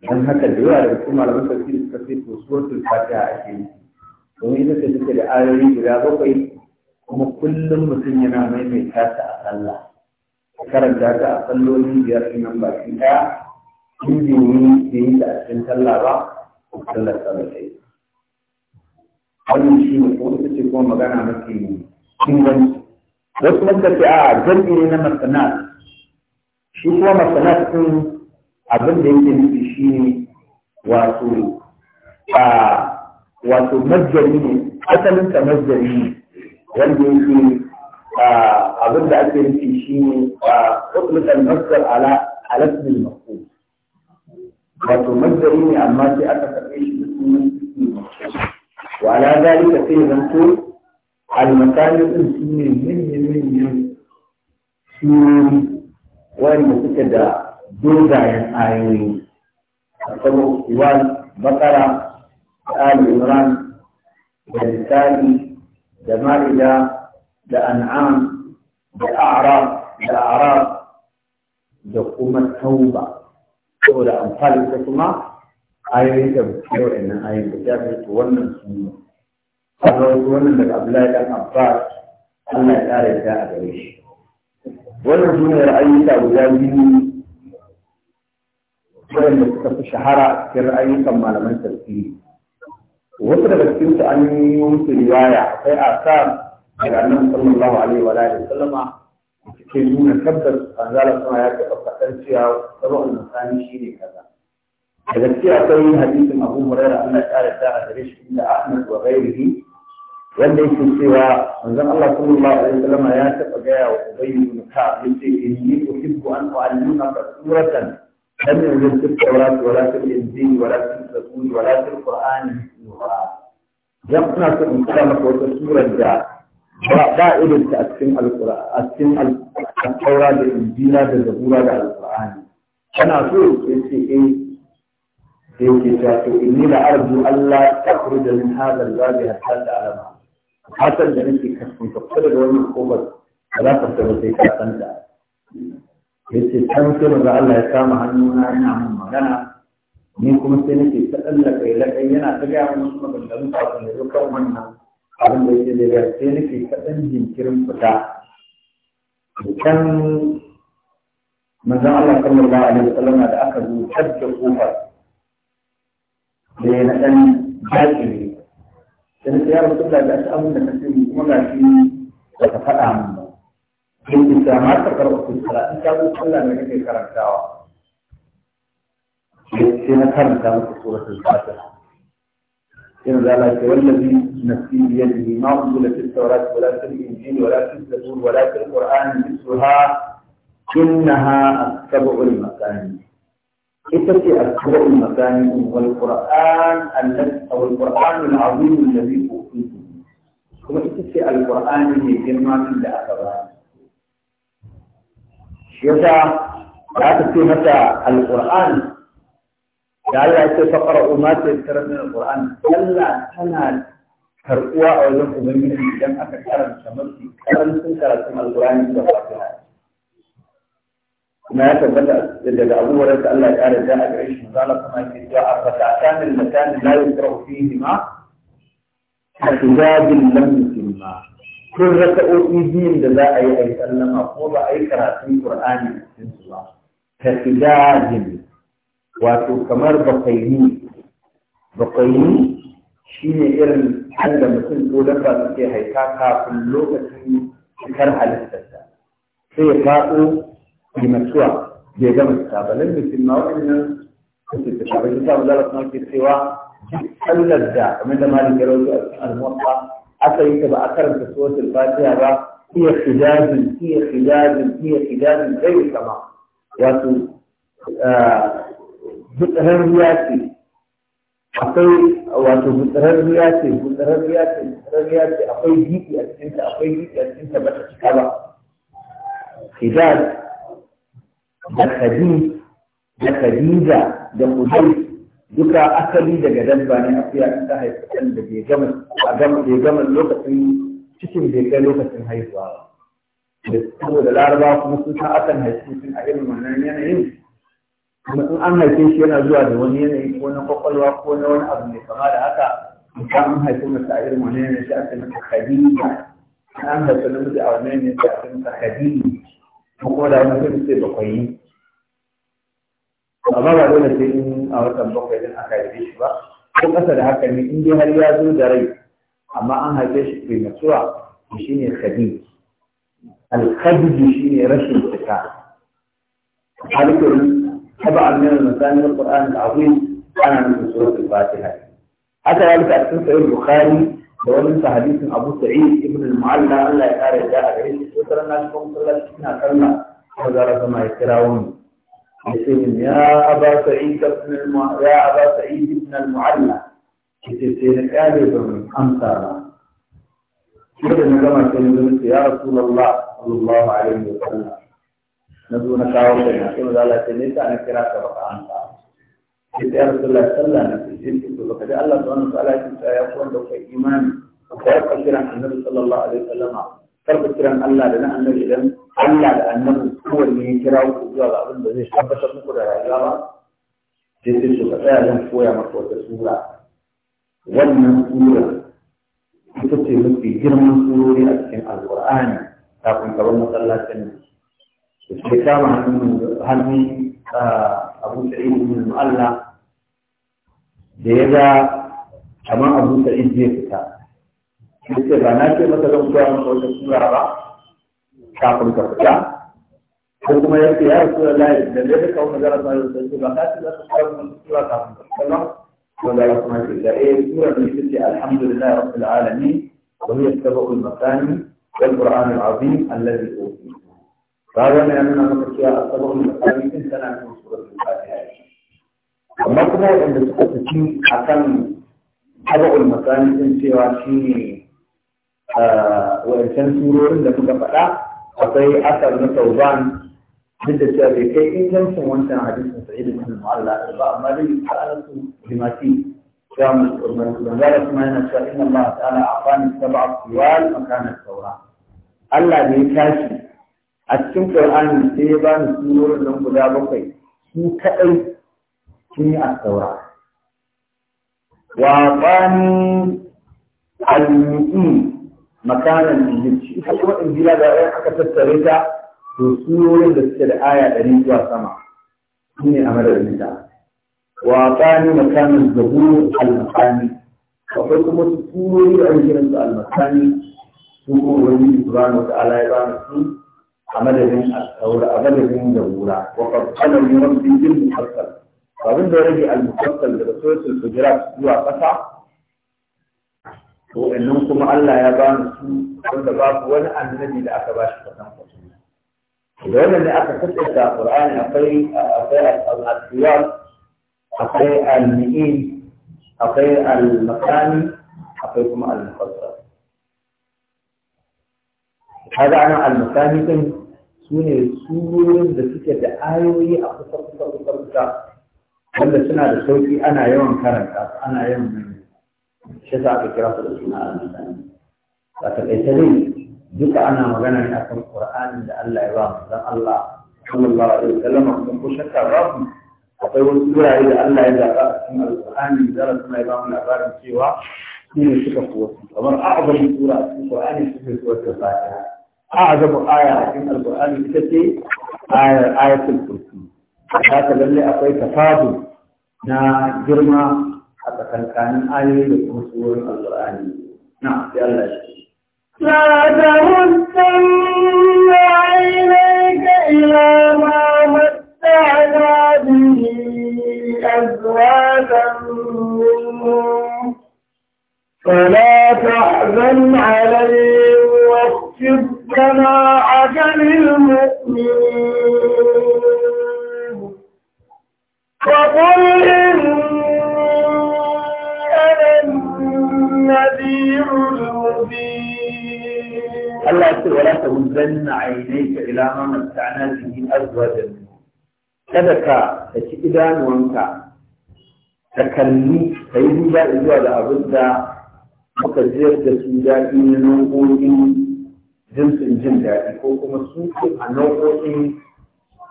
don haka da yawa daga cikin malaman tafsiri suka ce to suratul fatiha ake yi domin ita ce take da ayoyi guda bakwai kuma kullum mutum yana maimaita ta a sallah karanta ta a salloli biyar ɗin nan baki ɗaya in bai yi ta a cikin sallah ba sallar sallah ta yi wannan shi ne ko ita ce kuma magana mafi inganci wasu mutane a jami'i na masana shi kuma masana ɗin abin da yake nufi shi ne wato a wato majjari ne asalin ta majjari ne wanda yake abin da ake nufi shi ne a utlukan masdar ala alasmin mafu wato majjari ne amma sai aka karɓe shi da sunan ismin mafu wa ala zalika sai zanto almasani din su ne manyan manyan wani wanda suke da dogayen ayoyi akwai iwal bakara da ali imran da lisani da ma'ida da an'am da a'raf da a'raf da kuma tauba saboda amfani ta kuma ayoyin da yau da nan ayoyin da ya fi wannan suna an wannan daga Abdullahi dan Abbas Allah ya kare ta a gare shi wannan sunna ra'ayi ta guda biyu da suka fi shahara a cikin ayyukan malaman tafsiri wasu daga cikin su an yi musu riwaya akwai asar daga annabi sallallahu alaihi wa alihi sallama ke nuna tabbas manzala kuma ya taɓa faɗar cewa sabon nasani shi ne kaza Daga cikin akwai hadisin abu hurairah Allah ya ƙara ta a gare shi inda ahmad wa ghairihi wanda yake cewa manzon Allah sallallahu alaihi sallama ya taba gaya wa Ubay ibn Ka'ab yace inni uhibbu an u'allimaka suratan لم ينزل في التوراة ولا في الإنجيل ولا في الزبور ولا في القرآن مثلها يقنع في القرآن وتسورة جاء دائما أتم القرآن أتم التوراة الإنجيل الزبور القرآن أنا أقول في إيه يوكي إني أرجو ألا تخرج من هذا الباب حتى أعلمها حتى لأنك كنت تقتل الوزن الخبر فلا تقتل الزيكات أنت yace can sai maza Allah ya kama hannuna ina mun magana ni kuma sai nake ta tsallaka ya lakai yana ta gaya mun kuma gangarin kafin da kan wannan abin da yake daga sai nake ta ɗan jinkirin fita can maza Allah sallallahu alaihi wasallam da aka zo da kofar da ya na ɗan jaƙi ne sai na tsayar da da ta abin da ka ce kuma ga shi da ka fada mun ba in isa ma ta karɓa kuskura in ta zo sallah ne kake karantawa مثل na karanta maka suratul fatiha إن ذلك والذي نفسي بيده ما أنزل في التوراة ولا في الإنجيل ولا في الزبور ولا في القرآن مثلها إنها السبع المكان إتتي السبع المكان هو القرآن أو القرآن العظيم الذي أوتيته كما إتتي القرآن اللي جمع من الأخبار shi za aka ce mata Alƙur'an. da Allah ya ce faqara umma ta karanta Alƙur'an. Allah tana karɓuwa a wajen ubangiji idan aka karanta mafi karancin karatun Alƙur'ani da fatiha a يتبدا الابو ولد الله تعالى جاء بعيش مزالة كما جاء الركعتان اللتان لا يكره فيهما احتجاج لم يتما kun raka'o'i biyun da za a yi a yi sallama ko ba a yi karatun Qur'ani a cikin su ba idajin wato kamar bakwaini bakwaini shine irin an da mutum ko dabba suke haika kafin lokacin cikar halittarsa sai ya faɗo mai matuwa bai gama fita ba nan mutum ma waɗannan suke fita ba shi ta ba za su cewa sallar da kamar da malin garau a cikin almuwa aka yi ta ba a karanta suratul fatiha ba hiya khidajun hiya khidajun hiya khidajun ghayr kama wato gutsarar riya ce akwai wato gutsarar riya ce gutsarar riya ce gutsarar riya ce akwai gidi a cikin ta akwai gidi a cikin ta ba ta cika ba khidaj da khadij da khadija da kudai duka asali daga dabba ne akuya ta haifi ɗan da bai gama bai gama lokacin cikin bai kai lokacin haihuwa ba saboda laraba kuma sun san akan haifi mutum a irin wannan yanayin kuma in an haife shi yana zuwa da wani yanayi ko na kwakwalwa ko na wani abu mai kama da haka idan an haifi masa a irin wannan yanayi sai aka masa kadiyya an haifi namiji a wannan yanayi sai aka masa kadiyya ko da wani sai bakwai amma ba dole sai in a watan bakwai din aka yi shi ba ko kasa da haka ne in dai har ya zo da rai amma an haife shi prematura shi ne kadi alkadiji shi ne rashin cika alkurin haba amina misali na ƙur'an da abu ana nufin al fatiha haka ya a cikin sahih bukhari da wani hadisin abu sa'id ibn al-mu'alla Allah ya kare da a gare shi ko na kuma sallah na sallah ko zara sama ya kirawo ni يقول يا أبا سعيد بن الم... يا أبا سعيد بن المعلى كتبتين آلب من أمثال كتبنا كما يا رسول الله صلى الله عليه وسلم نزونا كاوتنا كل ذلك ليس أنا كراك بقى أمثال كتب يا رسول الله صلى الله عليه وسلم كتب الله سبحانه وتعالى كتب يقول لك إيمان وكيف كرم النبي صلى الله عليه وسلم كيف كرم الله لنا النبي لم Allah da annabi kowanne ya kira ku zuwa ga abin da zai tabbatar muku da rayuwa ba sai sai su ka tsaya zan koya maka wata sura wannan sura ita ce mafi girman surori a cikin alƙur'ani kafin ka bar masallacin nan da sai kama hannun hannun abu sa'id ibn mu'alla da ya ga kamar abu sa'id zai fita sai ba na ce masa zan koya maka wata sura ba الحمد لله رب العالمين وهي السبق المثاني والقرآن العظيم الذي أوتي فهذا ما يعني أنه مكتيا السبق المثاني إن سنة من سورة الفاتحة ومقنا عند سورة تين أكن سبق المثاني إن سيواشيني وإنسان سورة لكي تفعله akwai asar na tauban duk da cewa bai kai ingancin wancan hadisin sa'id ibn mu'alla ba amma dai ta'alatu limati ya musulman banzara kuma yana cewa inna Allah ta'ala afani sab'a qiwal makana saura. Allah ne ya tashi a cikin Qur'ani sai ya bani surorin nan guda bakwai su kadai sun yi a saura. wa qani al-mu'min makanan injilci ita kuma injila da ya aka tattare ta to surorin da suke da aya ɗari zuwa sama su ne a madadin ta wa tsani makanan zaburu al-makani akwai kuma su surori da ake kiransu al-makani su kuma wani subhanahu wa ta'ala ya bana su a madadin al-saura a madadin zabura wa qad min rabbil mufassal abin da ya rage al-mufassal daga suratul hujurat zuwa ƙasa to innan kuma Allah ya ba mu su wanda babu wani annabi da aka ba shi kasan kwatanci da wannan da aka tattata Qur'ani akwai akwai al-asiyar akwai al-ni'im akwai al-makani akwai kuma al-mufassar kaga ana al-makani din sune surorin da suke da ayoyi a kusa kusa kusa kusa wanda suna da sauki ana yawan karanta ana yawan shi za aka kira su da suna al-misani ba ta kai ta duka ana magana ne akan qur'anin da Allah ya ba mu dan Allah sallallahu alaihi wasallam kun ko shakka ba mu. akwai wasu wurare da Allah ya zaba a cikin al-qur'ani da Allah ya ba mu labarin cewa shi ne suka kuwa kamar a a'zamu sura a cikin qur'ani shi ne suka fatiha a'zamu aya a cikin al-qur'ani ita ce ayar ayatul kursi haka lalle akwai tafadu na girma حتى كان كان آية مسؤول القرآن نعم في الله لا تهتم عينيك إلى ما متعنا به أزواجا منهم فلا تحزن عليهم واخفض جناحك للمؤمنين وقل النذير المبين الله يقول ولا تهزن عينيك إلى ما متعنا به أزواجا kada ka saki idanuwanka ka kalli ka yi duba zuwa da abin da muka ziyar da na nau'o'in jinsin jin daɗi ko kuma su a nau'o'in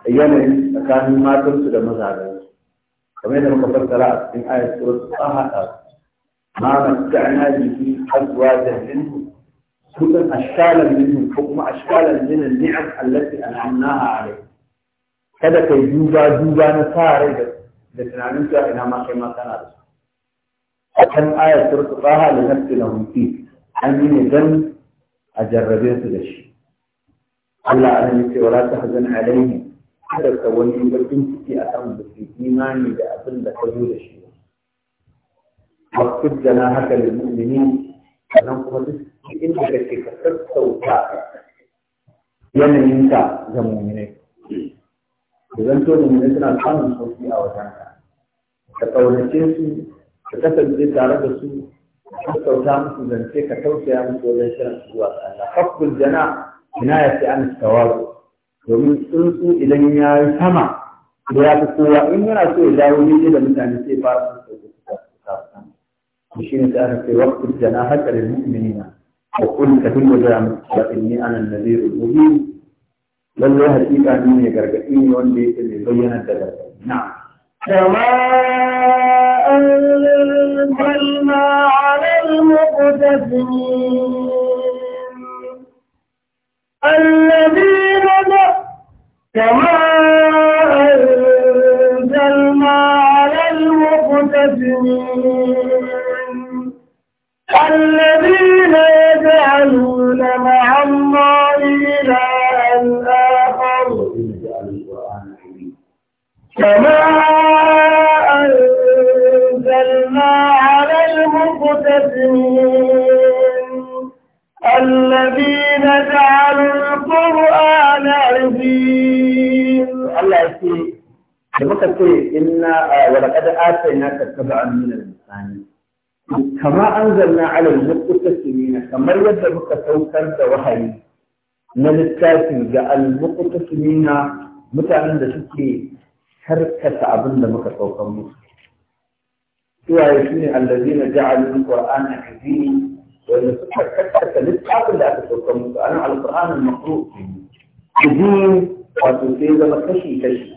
yanayin tsakanin matansu da maza mazajensu kamar da muka fassara a cikin ayat surat al ما متعنا به ازواجا منه كل اشكالا منهم الحكم اشكالا من النعم التي انعمناها عليه كذا كي جوبا جوبا نصاري لكن انا انت انا ما كان ما كان كم آية ترتقاها لنبتلهم فيه عن من أجربت لشي ألا أنت ولا تحزن عليهم حتى تولي بكم في أتم بكم إيماني لك لكم الشيء واكتب جناحك للمؤمنين sannan kuma duk inda kake ka sassauta yanayinka ga muminai da zan to muminai suna samun sauki a wajenka ka ƙaunace su ka kasance tare da su ka sauta musu zance ka tausaya musu wajen shirin zuwa ga Allah fakkul jana ina ya ce an tawaru domin tsuntsu idan ya yi sama da ya fi kowa in yana so ya dawo ne da mutane sai fara sun sauke su ta مشينا الآن في وقت الجناحة للمؤمنين وقل كتب وجام فإني أنا النذير المبين والله يهدي كان من يقرقين وندي اللي بينا الدلالة نعم كما أنزلنا على المقتسمين الذين كما أنزلنا على المقتسمين الذين يجعلون مع الله إلها الآخر كما أنزلنا على المقتسمين الذين جعلوا القرآن عظيم الله يسير لما تقول إن آه، ولقد آتيناك سبعا من المثل كما أنزلنا على المقتسمين كما يدرك توكر وحي من التاسم جاء المقتسمين متعن دسكي حركة أبن لمك توكر مصر سوى الذين جعلوا القرآن حزين وإن سبحة حركة لتعقل لأك توكر مصر أنا على القرآن المقروء عزيز وتسيد مكشي كشي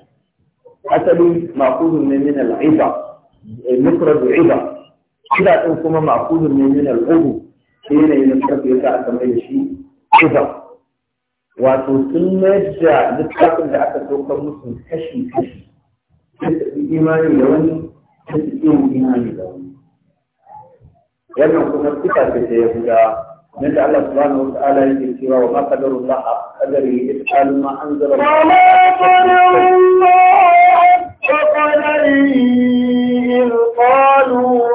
أتلي معقول من العبا مفرد عبا kiza ɗin kuma ma'akudun ne min al'ubu sai yanayi na karfe ya sa aka mai da shi kiza wato sun mayar da littafin da aka saukar musu kashi kashi sai su imani da wani sai su yin imani da wani wannan kuma suka ce da yahudawa من الله سبحانه وتعالى يجي وما قدر الله قدره إذ قالوا ما أنزل الله وما قدر الله حق قدره إذ قالوا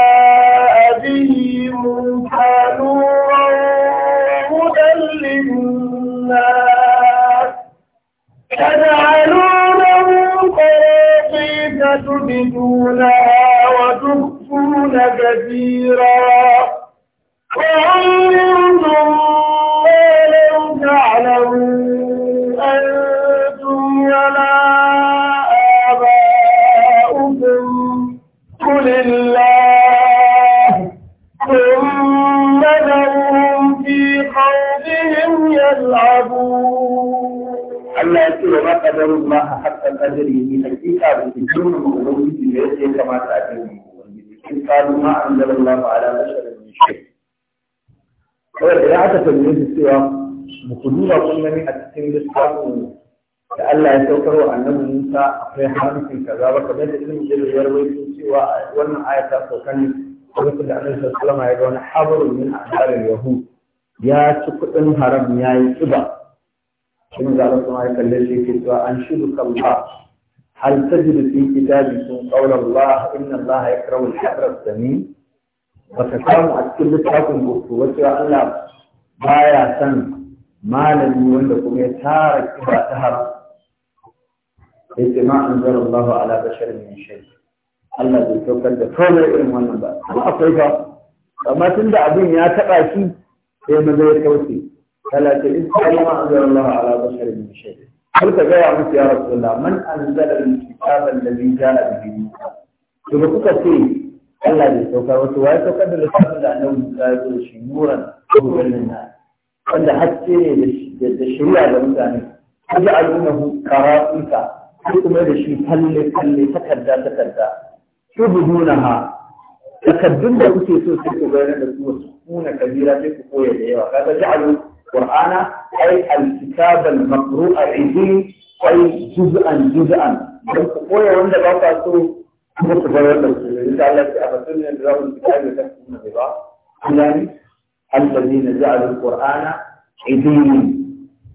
mun gani a cikin littafin da Allah ya saukar wa annabi Musa akwai harafin kaza ba kamar da ibn Jarir ya rawaito cewa wannan aya ta saukar ne lokacin da Annabi sallallahu ya ga wani habarun min ahlil yahud ya ci kuɗin haram ya yi ƙiba shi ne zaɓar sun haikar da shi ke cewa an duka kalla hal ta jiru fi kitabi sun ƙaura Allah inna Allah ya kira wani da ni ba ka samu a cikin littafin boko wacce Allah baya san malami wanda kuma ya tara kiba ta har yace ma anzara Allah ala bashar min shay Allah bai saukar da komai irin wannan ba amma akwai fa amma da abin ya taɓa shi sai maza ya kauce kala ta in sallama anzara Allah ala bashar min shay har ka gaya musu ya rasu rasulullah man anzara al-kitaba alladhi jaa bihi Musa to ba kuka ce Allah bai saukar wato wai saukar da littafin da annabi Musa ya zo shi nuran ko ganin nan. wanda haske ne da shirya da mutane kaji alunahu karatuka ko kuma da shi kalle kalle takarda takarda su budunaha takaddun da kuke so sai ku bayar da su wasu kuna kabira sai ku koya da yawa kaga ja'alu qur'ana ai al-kitab al-maqru'a idin ay juz'an juz'an dan ku koya wanda ba ka so kuma ku bayar da su insha Allah sai a batun da za mu fita da kuma ba الذين جعلوا القران عيدين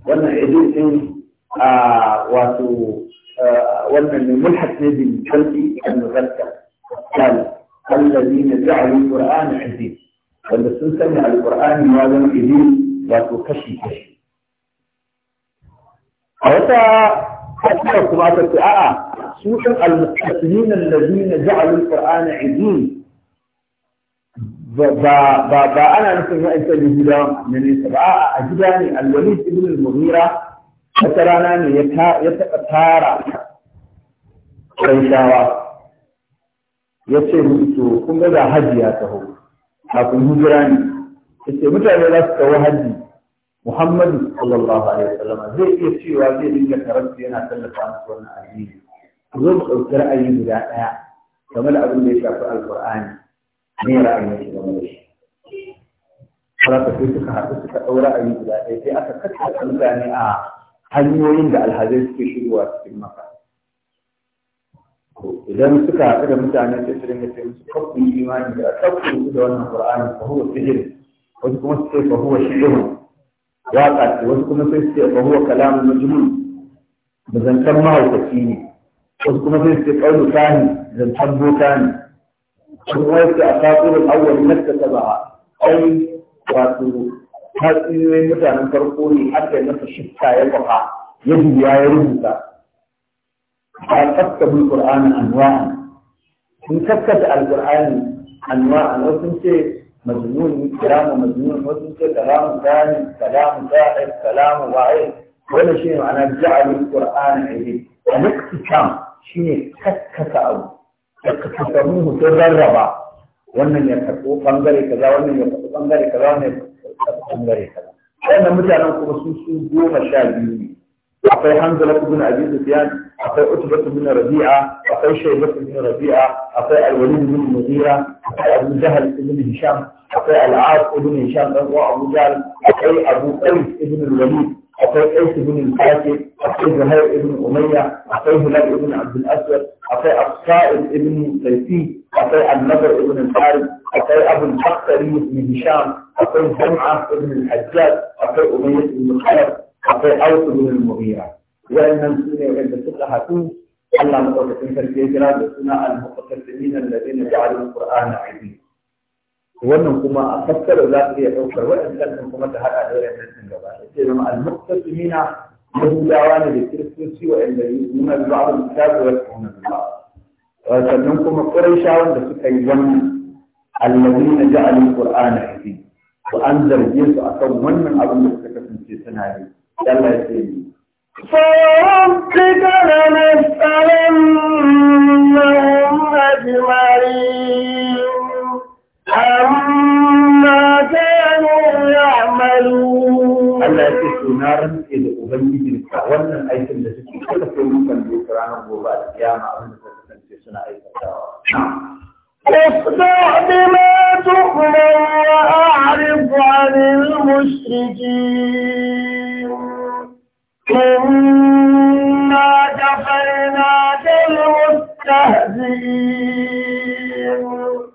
وان عيدين اه واتو اه وان ملحق نبي الكلبي المغلقه قال الذين جعلوا القران عيدين وان سنسمع القران يوازن عيدين واتو كشي كشي حتى حتى كما تقول اه سوء المستثمرين الذين جعلوا القران عيدين ba ana nufin wa'ancan yahudawan na nesa ba a gida ne alwalid ibn al-mughira wata rana ne ya taɓa tara shawa. ya ce musu kun ga hajji ya taho kafin hijira ne ya ce mutane za su kawo hajji muhammadu sallallahu alaihi wasallam zai iya cewa zai dinga karanta yana tallafa musu wannan addini ku zo mu ɗauki ra'ayi guda ɗaya game da abin da ya shafi alƙur'ani ne ra'ayin shi game da shi haka sai suka haɗu suka ɗau ra'ayi guda ɗaya sai aka kakkace mutane a hanyoyin da alhazai suke shigowa cikin maka idan suka haɗu da mutane sai su dinga sai musu kakku imani da kakku da wannan qur'ani fa huwa sihir wasu kuma su ce fa huwa shi'run waƙa ce wasu kuma sai su ce fa huwa kalamun majnun da zantan mahaukaci ne wasu kuma sai su ce qaulu sani zantan boka ne kuma yake a kafirin awwal nakkasabaha ai wato tatsiyoyin mutanen farko ne aka yi masa shifta ya kwafa ya biya ya rubuta a tsakkabi qur'ani anwa'an sun kakkata alqur'ani anwa'an wasu sun ce majnun kalamu majnun wasu ce kalamu dani kalamu da'if kalamu wa'if wannan shine ma'ana ja'alul qur'ana ilayhi al shine kakkata abu تسموه تدرب wannan ya karɓo ɓangare kaza wannan ya karɓo ɓangare kaza wannan ya karɓo ɓangare kaza wannan mutanen kuma su su goma sha biyu ne akwai hanzala ibn abi sufyan akwai utba ibn rabi'a akwai shayba ibn rabi'a akwai al-walid ibn mughira akwai abu jahl ibn hisham akwai al-aas ibn hisham dan uwa abu jahl akwai abu qais ibn al-walid أقول قيس بن الكاتب أقول زهير بن أمية أقول هلال بن عبد الأسود أقول الصائب بن قيسي أقول النضر بن الحارث أقول أبو البختري بن هشام أقول جمعة بن الحجاج أقول أمية بن خلف أقول أوس بن المغيرة وإن السنة وإن ستة الله مؤكد من تركيه جراد المتقدمين الذين جعلوا القرآن عزيزا wannan kuma a fassara za ta iya ɗaukar waɗannan ɗin kuma ta haɗa da waɗannan ɗin gaba da ce zama al-muqtasimina yahudawa ne da kiristoci waɗanda yuna ba'd al-kitabi wa yuna ba'd sannan kuma qurayshawan da suka yi wannan alladhina na al-qur'ana fi wa an zarge su akan wannan abin da suka kasance suna yi Yalla ya ce ni فَرَبِّكَ لَنَسْأَلَنَّهُمْ أَجْمَعِينَ amma kanu ya'malu Allah ya ce to na rantse da ubangiji ka wannan aikin da suke kada sai mun kan duk ranar gobe da kiyama abin da suka kasance suna aikatawa اصدع بما تؤمن وأعرض عن المشركين إنا كفيناك المستهزئين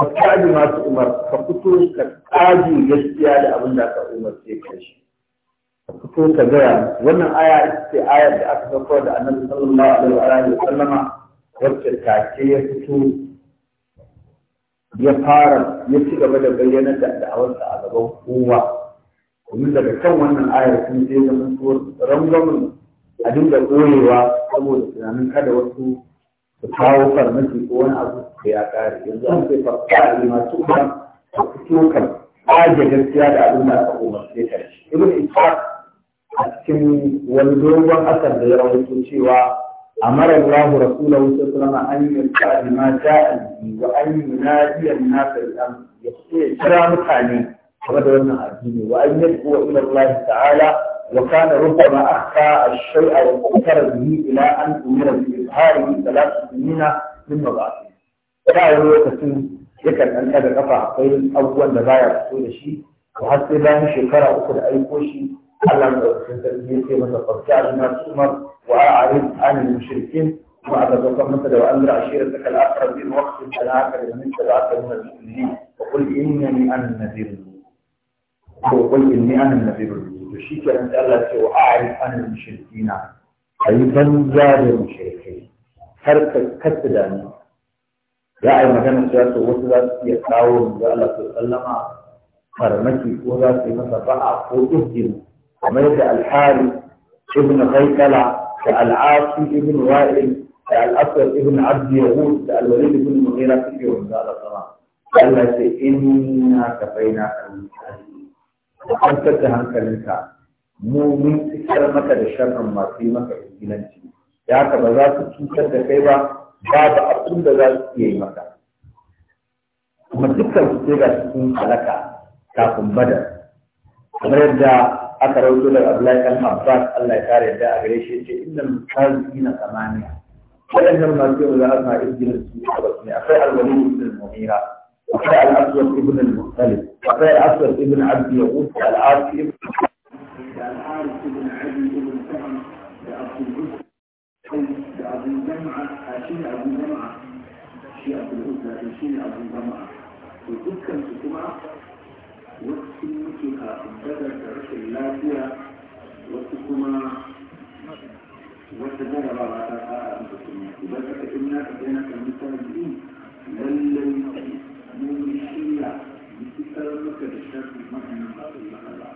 Fakta ji masu umar, ka fito ka ƙaji gaskiya da abin da ka umar sai ka ko ka gaya wannan aya ita ce ayar da aka sauko da annabi sallallahu alaihi wa sallama wacce ce ya fito ya fara ya ci gaba da bayyana da da'awarsa a gaban kowa domin daga kan wannan ayar sun je zaman rangwamin a dinga koyewa saboda tunanin kada wasu su kawo farmaki ko wani abu da ya kare yanzu an sai farfa ne masu kuma su fito kan ajiye gaskiya da abin da aka umarce ta shi ibn ishaq a cikin wani dogon asar da ya rawaito cewa amara Allah rasulahu sallallahu alaihi an yarda bi ma ja'a wa an kira mutane game da wannan addini wa an yad'u ila Allah ta'ala wa kana rubbama akhfa a shaya wa qadara bihi ila an umira bi izharihi thalath sinina min mabadi da lokacin yakan an kada kafa akwai abubuwan da ya fito da shi to har sai bayan shekara uku da aiko shi Allah في التنبيه ya ce masa fasta alina su umar wa a'arif anil مثلا وأمر عشيرتك الأقربين واقصد العاقل من تبعك من المسلمين وقل إنني أنا النذير وقل إني أنا النذير وشيك أن تألت وأعرف عن المشركين أيضا زاد المشركين حركة كتداني يا أي مكان السياسة وصلت يتعاون بألا تسلم فرمتي وذات مثلا بقى وإهدم kamar da alhari ibn haikala da al'asu ibn wa'il da al'asar ibn abdi yahud da alwalid ibn mughira suke wanda Allah sama Allah ce inna kafaina al-mutahidin kwantar da hankalinka mu mun cikar maka da sharrin masu yi maka ingilanci ya haka ba za su cutar da kai ba babu abin da za su iya yi maka kuma dukkan su sai ga cikin halaka kafin badar kamar yadda aka rauto da Abdullahi dan Abbas Allah ya kare da a gare shi ce innal kazina samaniya wadannan masu yau za a sa izinin su tabbas ne akwai al-walid ibn al-mughira akwai al-aswad ibn al-muhtalib akwai al-aswad ibn abd yaqut al-asif ibn al-arif ibn abi ibn sa'd da abdul da abu jama'a shi ne abu jama'a shi abu da shi ne abu jama'a to dukkan su kuma wasu mutu kafin dagar da rashin lafiya wasu kuma wata jarabawa ta fara da kuma idan ka tafi na ka tsaye na kan mutane lallai mun shirya mutukar muka da shafi ma'anin ba su matsala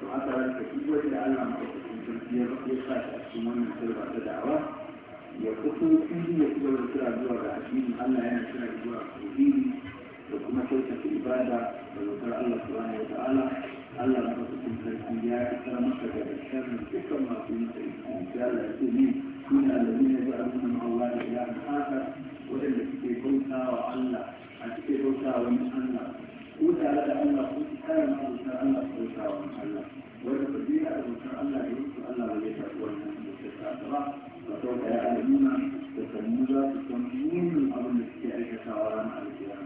to haka da duk wanda Allah maka cikin jirgin ya sa shi a cikin wannan sirba ta da'awa ya fito fili ya kuma kira zuwa ga addini Allah yana kira zuwa tauhidi da kuma kyautata ibada da roƙar Allah subhanahu wa ta'ala Allah na fasikun sarki ya isar maka da shirin dukkan masu yin sarki ya lafi ne suna da nuna da abin Allah da ya haka waɗanda suke bauta wa Allah a suke bauta wa wani Allah ko ala da Allah ko su kayan bautar Allah su bauta wa wani Allah wanda ba zai da bautar Allah da yanzu Allah ba zai tafi wannan da ta ba ba sau da ya alamuna da sannu za su san munin abin da suke aikatawa ranar alkiyama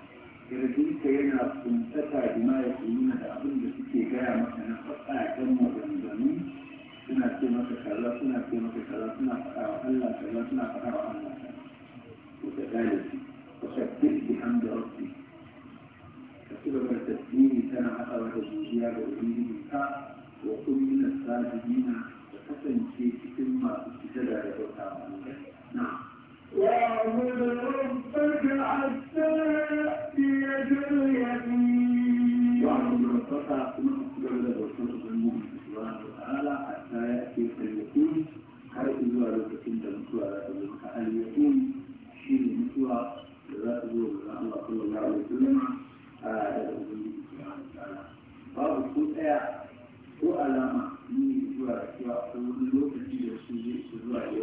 kirjinka yana tsuntaka bima ya kuluna da abin da suke gaya maka na faɗaƙen maganganu suna ce maka kaza suna ce maka kaza suna faɗa wa Allah kaza suna faɗa wa Allah kaza to da galibi ka shakkir bi hamdi rabbi ka ci gaba da tasbihi tana haɗawa da zuciya da ubangiji ka wa kullina sajidina ka kasance cikin masu sujada da bauta wa Allah na'am وأمر ربك حتى يأتيك اليقين وأمر ربك قبل سبحانه وتعالى حتى يأتيك اليقين حيث زوى لك عند المسوى اليقين شيء المسوى لا تزور الله صلى الله عليه وسلم babu ko ɗaya ko alama ne zuwa cewa a wani lokaci da su zai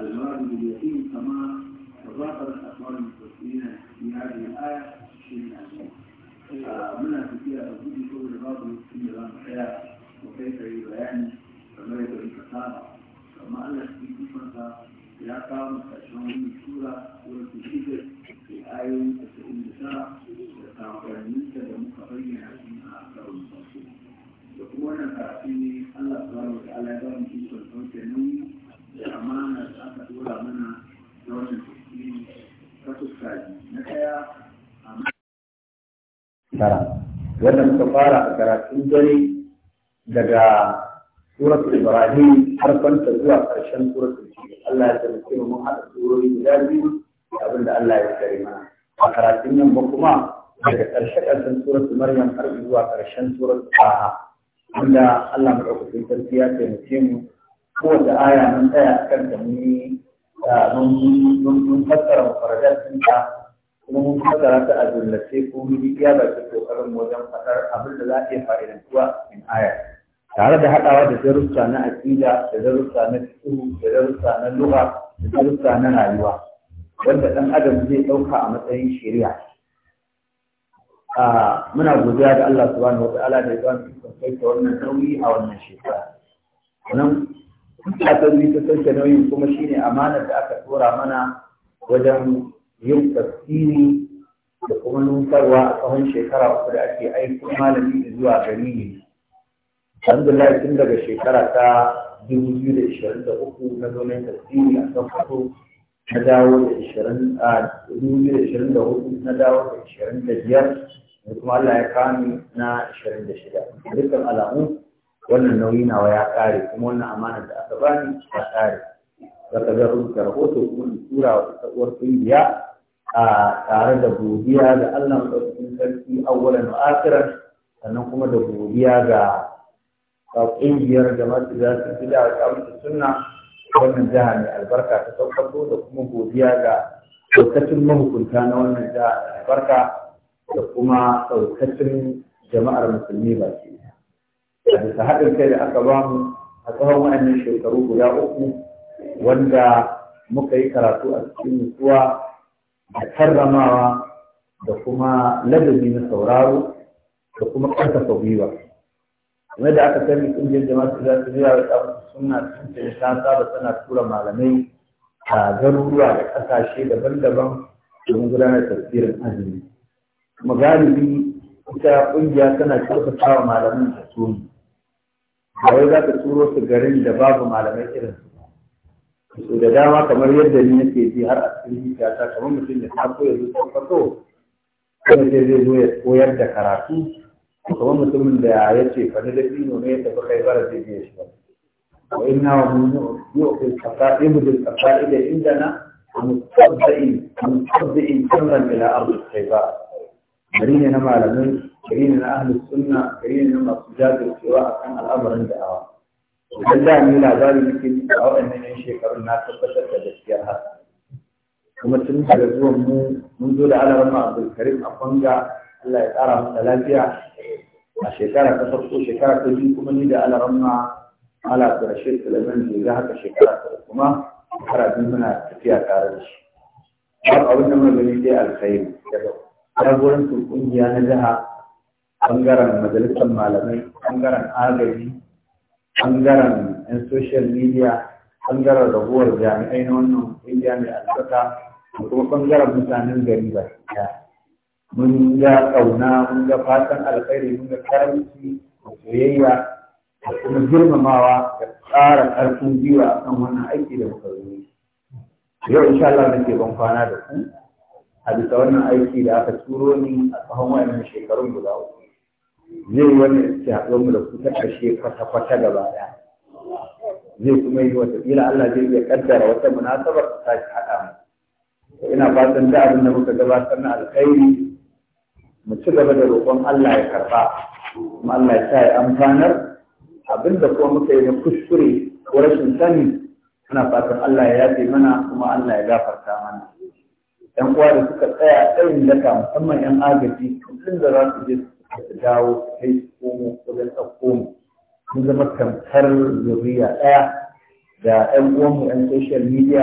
المراد باليقين كما تظاهر أخبار المفسرين في هذه الآية من الأسماء آه، منها كثيرة تزيد شغل بعض المسلمين الآن الحياة وكيف يبيان كما يبين كثارة كما أن في كفرة يا قام تشمل من سورة سورة الحجر في آية 99 تعقلنيك لمقبين فيها أكثر المفسرين يقولون أن تعطيني الله سبحانه وتعالى يقول في سورة الحجر da amana da aka dora mana na wannan tafiye ta na ɗaya tara muka fara a karatun dare daga suratul ibrahim harfanta zuwa ƙarshen suratul Allah ya taimake mu haɗa surori guda biyu da abin da Allah ya kare mana a karatun nan ba kuma daga ƙarshe ƙarshen suratul maryam har zuwa ƙarshen suratul a wanda Allah ya mu kowace aya mun tsaya kan da mun mun fassara mafarajar ɗinka, kuma mun fassara ta a jullace ko mun yi iya ta kokarin wajen fasar abin da za a iya fa'idantuwa in aya tare da haɗawa da darussa na aƙida da darussa na fitu da darussa na lugha da darussa na rayuwa wanda ɗan adam zai ɗauka a matsayin shari'a muna godiya da Allah subhanahu wa ta'ala da ya ba mu kai ta wannan nauyi a wannan shekara a ta sauke nauyin kuma shine amanar da aka tsora mana wajen yin tafsiri da kuma numfarwa a tsawon shekara uku da ake aiki malami zuwa gari ne. Alhamdulillah tun daga shekara ta dubu biyu da ishirin da uku na zonin tafsiri a Sokoto na dawo da ishirin a dubu biyu da ishirin da hudu na dawo da ishirin da biyar da kuma Allah ya kame na ishirin da shida. Dukkan alamu wannan nauyi nawa ya kare kuma wannan amana da aka bani ta kare zaka ga rubuta rahoto kuma in tura wa kungiya a tare da godiya ga Allah madaukakin sarki awwalan wa akhiran sannan kuma da godiya ga kungiyar jama'atu da su fi da kamata sunna wannan jihar mai albarka ta sauƙaƙo da kuma godiya ga daukacin mahukunta na wannan jiha albarka da kuma daukacin jama'ar musulmi baki da bisa haɗin kai da aka ba mu a tsawon wa'annan shekaru guda uku wanda muka yi karatu a cikin nutsuwa da karramawa da kuma ladabi na sauraro da kuma ƙarfafa gwiwa kuma da aka sani ƙungiyar jama'a su za su biya da suna cikin ta saba tana tura malamai a garuruwa da ƙasashe daban-daban domin gudanar tafsirin azumi kuma galibi ita ƙungiya tana ƙarfafa wa malaman da su kawai za ka turo su garin da babu malamai irin su so da dama kamar yadda ni nake ji har a cikin ta kamar mutum ya ko ya zo farko kuma sai zai zo ya koyar da karatu kamar mutumin da ya ce fa da dino ne ya tafi kai bara zai je shi ba wa inna wa mun yu'ti qasa'ibu bil da indana mutadda'in mutadda'in kamran ila ardi ba bari ne na malamai kari ne na ahalus sunna kari ne na masu jajircewa a kan al'amarin da'awa idan da ni labari nake ji a waɗannan yan shekarun na tabbatar da gaskiyar haka kuma tun daga zuwan mu mun zo da alamar abdul karim a kwanga Allah ya ƙara masa lafiya a shekara ta farko shekara ta biyu kuma ni da alamar ma ala da rashid sulaiman da ya haka shekara ta kuma shekara biyu muna tafiya tare da shi babu abin da muka gani sai alkhairi daga jagorancin kungiya na jiha أنغران مجلس المعلمين أنغران آغامي أنغران السوشيال ميديا أنغران دبور جامعي أي نونو إنديا مي ألسكا مطمئن أنغران مسانين غريبا منجا قونا منجا فاتن الخير منجا كارمسي وشويا وكما جرم ماوا كتار الأرسون جيوا أم وانا أيكي لبقلوني يو إن شاء الله نتي بمفانا دكم هذا تورنا أيكي لأفتوروني أفهموا أنه شيكرون بلاوكي zai yi wannan mu da ku ƙarshe kwata-kwata gaba ɗaya zai kuma yi wata ƙila Allah zai iya ƙaddara wata munasabar ta sake haɗa mu ina fatan da abin da muka gabatar na alkhairi mu ci gaba da roƙon Allah ya karɓa kuma Allah ya sa ya amfanar abin da kuma muka yi na kuskure ko rashin sani ana fatan Allah ya yafe mana kuma Allah ya gafarta mana yan uwa da suka tsaya tsayin daka musamman yan agaji tun da za su je su da su dawo kai komo wajen ɗauko mu mun zama tamkar zuriya ɗaya da ƴan uwanmu ƴan social media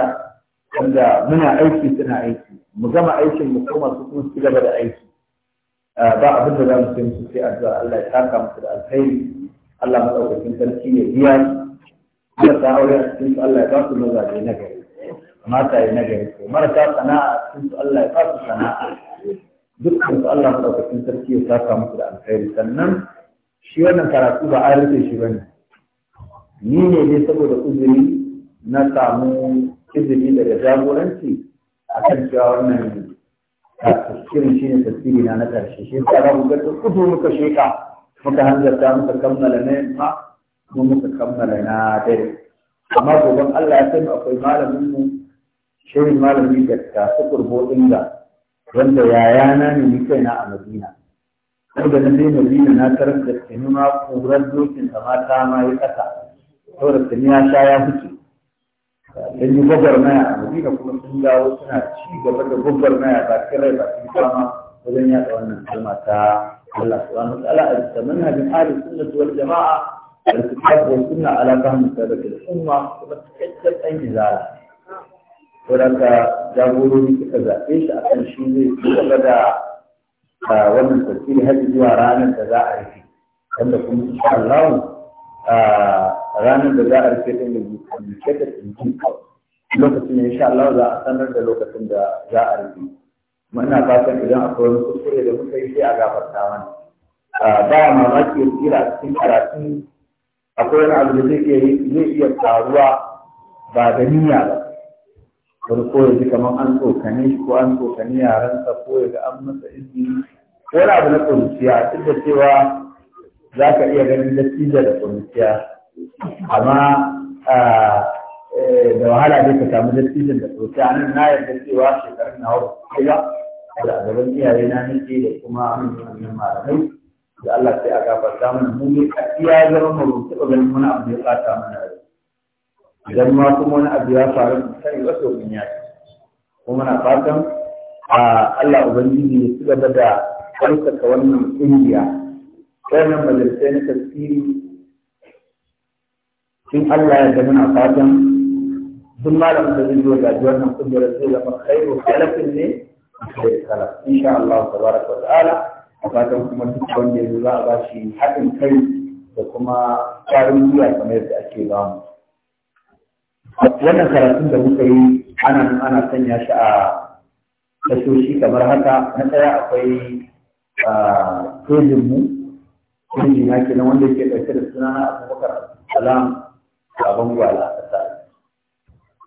wanda muna aiki suna aiki mu gama aikin mu koma su kuma su gaba da aiki ba abin da za mu sai musu sai addu'a Allah ya saka musu da alkhairi Allah madaukakin sarki ya biya su ta aure a cikin su Allah ya ba su mazaje na gari mata ya na gari marasa sana'a a cikin su Allah ya ba su sana'a dukkan su Allah madaukakin sarki ya saka musu da alkhairi sannan shi wannan karatu ba a rufe shi bane ni ne dai saboda uzuri na samu izini daga jagoranci akan cewa wannan shi shine tasiri na na karshe shi yasa za ga kudu muka sheka muka hanzarta muka kammala na yamma mu muka kammala na dare amma gobe Allah ya sani akwai malamin mu shehin malami da ta kurbo inda wanda yaya na ne ni kaina a madina ko da na je madina na tarar da sinima kurar dokin da mata ma yi to da sini ya sha ya huce dan yi na a madina kuma sun dawo suna ci gaba da gwagwarmaya ba cikin rai ba cikin kama wajen yaɗa wannan kalma ta Allah subhanahu wa ta'ala a cikin manhajin ahli sunnah wal jama'a al-kitab wa sunna ala fahmi sababil umma kuma cikakken dan saboda jagorori suka zaɓe shi a kan shi zai ci da wannan tafsiri har zuwa ranar da za a rufe wanda kuma insha Allah ranar da za a rufe ɗin da ke da tsinci lokacin ne insha Allah za a sanar da lokacin da za a rufe muna fatan idan akwai wani kuskure da muka yi sai a gafarta mana ba mamaki ya tsira cikin karatun akwai wani abu da zai iya faruwa ba da niyya ba wani ko ya ji kamar an tsokane shi ko an tsokane yaransa ko ya ga an masa izini wani abu na ƙuruciya duk da cewa za ka iya ganin dattijar da ƙuruciya amma e, da wahala ne ka samu dattijar da ƙuruciya nan na yarda cewa shekarun na hau kuma da gaban iyaye na nake da kuma amince malamai da Allah sai a gafarta mana mu ne a iya zama mu ba ganin wani abu ya ɓata mana rai idan ma kuma wani abu ya faru yi wasu domin ya kuma na fatan Allah Ubangiji ya ci gaba da ɗaukaka wannan ƙungiya wannan majalisai na tasiri in Allah ya zama muna fatan duk malam da zai zo gaji wannan ƙungiyar zai zama khairu kalafin ne da kalaf insha Allah tabaraka ta ta'ala a fatan kuma duk wanda ya za a ba shi haɗin kai da kuma ƙarin gwiwa kamar yadda ake ba mu wannan karatun da muka yi ana ana sanya shi a tashoshi kamar haka na tsaya akwai a pejin mu pejin na kenan wanda ke ɗauke da suna na abubakar salam a gwala a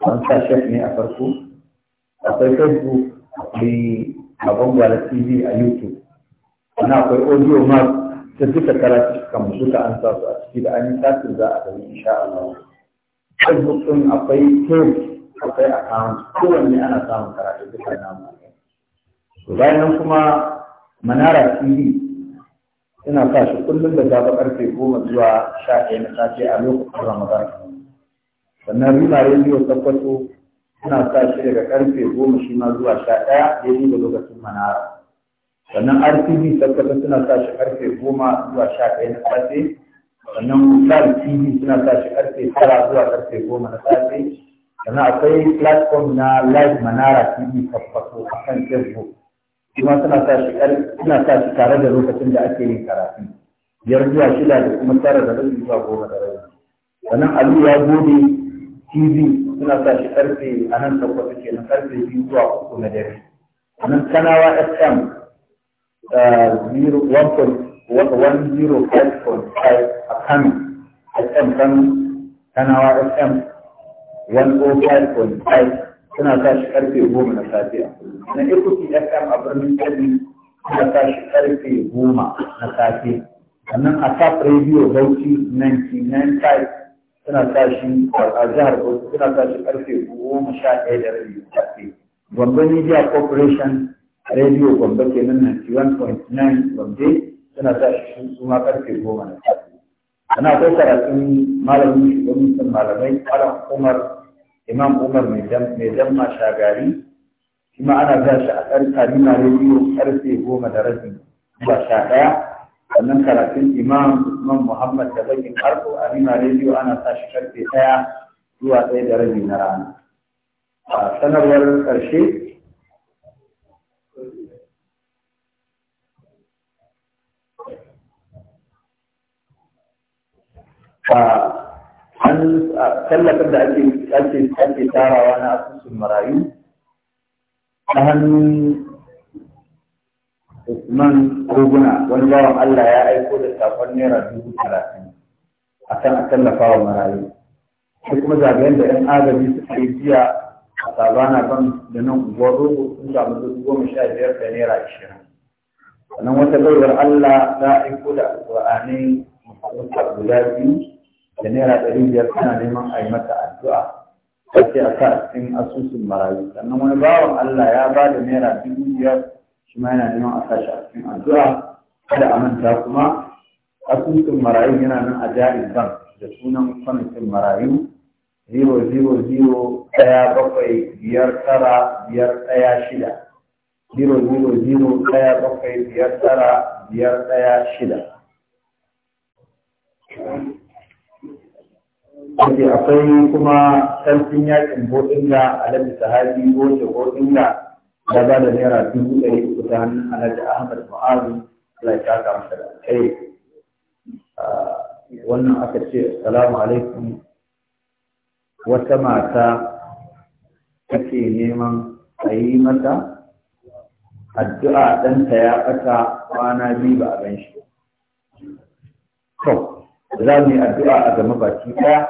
an sa shek ne a farko akwai facebook akwai baban tv a youtube wani akwai audio mark ta duka karatu kan duka an sa su a ciki da an yi tasir za a gani insha Allah facebook ɗin akwai page akwai account kowanne ana samun karatu duka na to bayan nan kuma manara tv ina sa shi kullum da zafi karfe goma zuwa sha ɗaya na safe a lokacin ramadan sannan rima Radio tabbato ina sa shi daga karfe goma shi ma zuwa sha ɗaya daidai da lokacin manara sannan rtv tabbato suna sa shi karfe goma zuwa sha ɗaya na safe sannan sal tv suna tashi karfe tara zuwa karfe goma na safe sannan akwai platform na live manara tv tabbato a kan facebook kuma suna tashi suna tare da lokacin da ake yin karatu biyar zuwa shida da kuma tara da rabi zuwa goma da rabi sannan alu ya gode tv suna tashi karfe a nan takwas ke na karfe biyu zuwa uku na dare sannan kanawa fm eh, 105.5 a Kano, FM Kano, Kanawa FM 105.5 suna tashi karfe goma na safe. Na Ekuti FM a birnin Kebbi suna tashi karfe goma na safe. Sannan a Tap Radio Bauchi 99.5 suna tashi a jihar Bauchi suna tashi karfe goma sha ɗaya da rabi safe. Gombe Media Corporation Radio Gombe kenan 91.9 Gombe suna sa shi su ma karfe goma na safe ana ko karatun malamin shugabancin malamai malam umar imam umar mai damma shagari shi ma ana sa shi a karfe na rediyo karfe goma da rabi zuwa sha ɗaya sannan karatun imam usman muhammad da bakin karfe a rima rediyo ana sa shi karfe ɗaya zuwa ɗaya da rabi na rana a sanarwar ƙarshe an tallafin da ake ake tarawa na asusun marayu ta hannun Usman Koguna wani bawan Allah ya aiko da safon naira dubu talatin a kan a tallafa wa marayu. Sai kuma zagayen da 'yan agaji suka yi jiya a sabana ban da nan unguwar rogo sun samu dubu goma sha biyar da naira ashirin. Sannan wata baiwar Allah na aiko da alƙur'ani musamman guda biyu da naira ɗari biyar tana neman a yi mata addu'a sai a sa cikin asusun marayu sannan wani bawan Allah ya ba da naira dubu biyar shi ma yana neman a sa shi a cikin addu'a kada a manta kuma asusun marayu yana nan a jari bank da sunan kwamitin marayu zero zero zero ɗaya bakwai biyar tara biyar ɗaya shida zero zero zero ɗaya bakwai biyar tara biyar ɗaya shida. wanda akwai kuma ƙarfin yakin Bodinga Alhaji Sahabi Goje da ya ba da naira dubu ɗari uku ta hannun Alhaji Ahmad Mu'azu Allah ya saka masa da kai. Ah, wannan aka ce Assalamu alaikum wata mata take neman a yi mata addu'a ɗanta ya ɓata kwana biyu ba a gan shi. To, za mu yi addu'a a gama baki ɗaya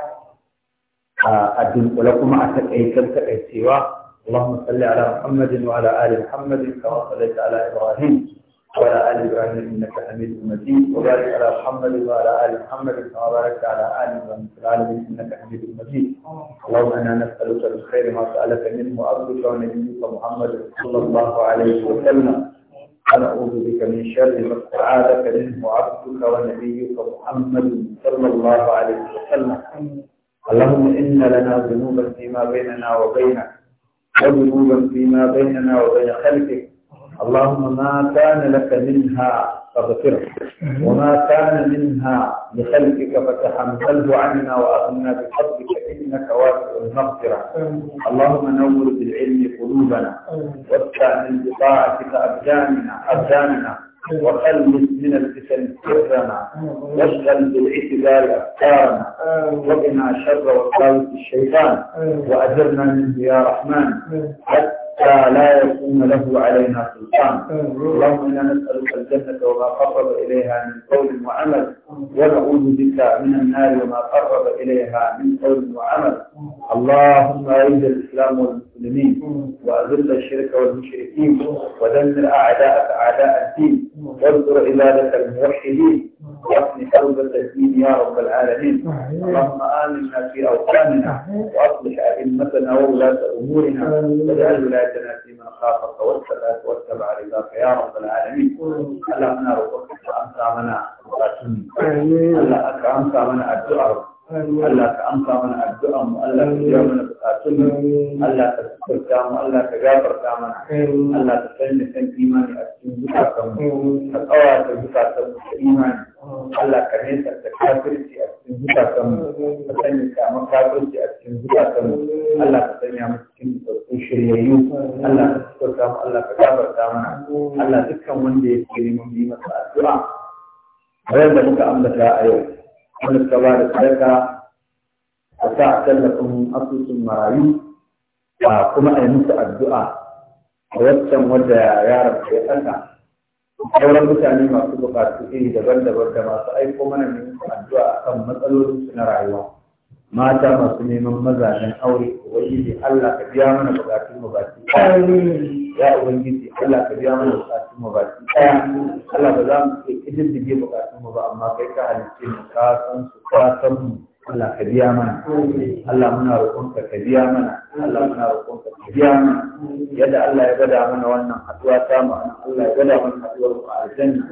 a dunkule kuma a taƙaitan taƙaicewa اللهم صل على محمد وعلى آل محمد كما صليت على إبراهيم وعلى آل إبراهيم إنك حميد مجيد وبارك على محمد وعلى آل محمد كما باركت على آل إبراهيم في العالمين إنك حميد مجيد اللهم إنا نسألك الخير ما سألك منه عبدك ونبيك محمد صلى الله عليه وسلم أنا أعوذ بك من شر ما استعاذك منه عبدك ونبيك محمد صلى الله عليه وسلم اللهم إن لنا ذنوبا فيما بيننا وبينك وذنوبا فيما بيننا وبين خلقك اللهم ما كان لك منها فاغفره وما كان منها لخلقك فتحمله عنا وأغنى بفضلك إنك واسع المغفرة اللهم نور بالعلم قلوبنا واسع من بطاعتك أبداننا أبداننا وخلص من الفتن سرنا واشغل بالاعتدال افكارنا وقنا شر وساوس الشيطان آه. واجرنا منه يا رحمن آه. حتى حتى لا يكون له علينا سلطان اللهم انا نسالك الجنه وما قرب اليها من قول وعمل ونعوذ بك من النار وما قرب اليها من قول وعمل اللهم اعز الاسلام والمسلمين واذل الشرك والمشركين ودمر اعداءك اعداء الدين وانصر عبادك الموحدين واصل حرب التسليم يا رب العالمين اللهم آمنا في أوطاننا وأصلح أئمتنا وولاة أمورنا واجعل ولايتنا فيمن خافك والثبات واتبع رضاك يا رب العالمين اللهم نرجوك أنت منا الله أكرمت منا الدعاء Allah ka amsa mana addu'an mu Allah ka biya mana bukatun mu Allah ka sukurta mu Allah ka gafarta mana Allah ka sanya san imani a cikin zukatan mu ka tsawa da zukatan mu da imani Allah ka nesa da kafirci a cikin zukatan mu ka sanya kama kafirci a cikin zukatan mu Allah ka sanya mu cikin sauƙin shiryayyu Allah ka sukurta mu Allah ka gafarta mana Allah dukkan wanda ya ke neman yi masa addu'a. Bayan da muka ambata a yau, wanda suka da sadaka a sa a tallafin asusun marayu a kuma a yi musu addu'a a waccan wadda yaron ya saka sauran mutane masu bukatu iri daban-daban da masu aiko mana ne musu addu'a akan matsalolinsu na rayuwa mata masu neman mazajen aure ubangiji Allah ka biya mana bukatun mu baki ya ubangiji Allah ka biya mana bukatun mu baki daya Allah ba za mu iya kididdige bukatun mu ba amma kai ka halicce mu ka san su ka san mu Allah ka biya mana Allah muna roƙonka ka biya mana Allah muna roƙonka ka biya mana yadda Allah ya gada mana wannan haduwa ta mu Allah ya gada mana haduwar mu a aljanna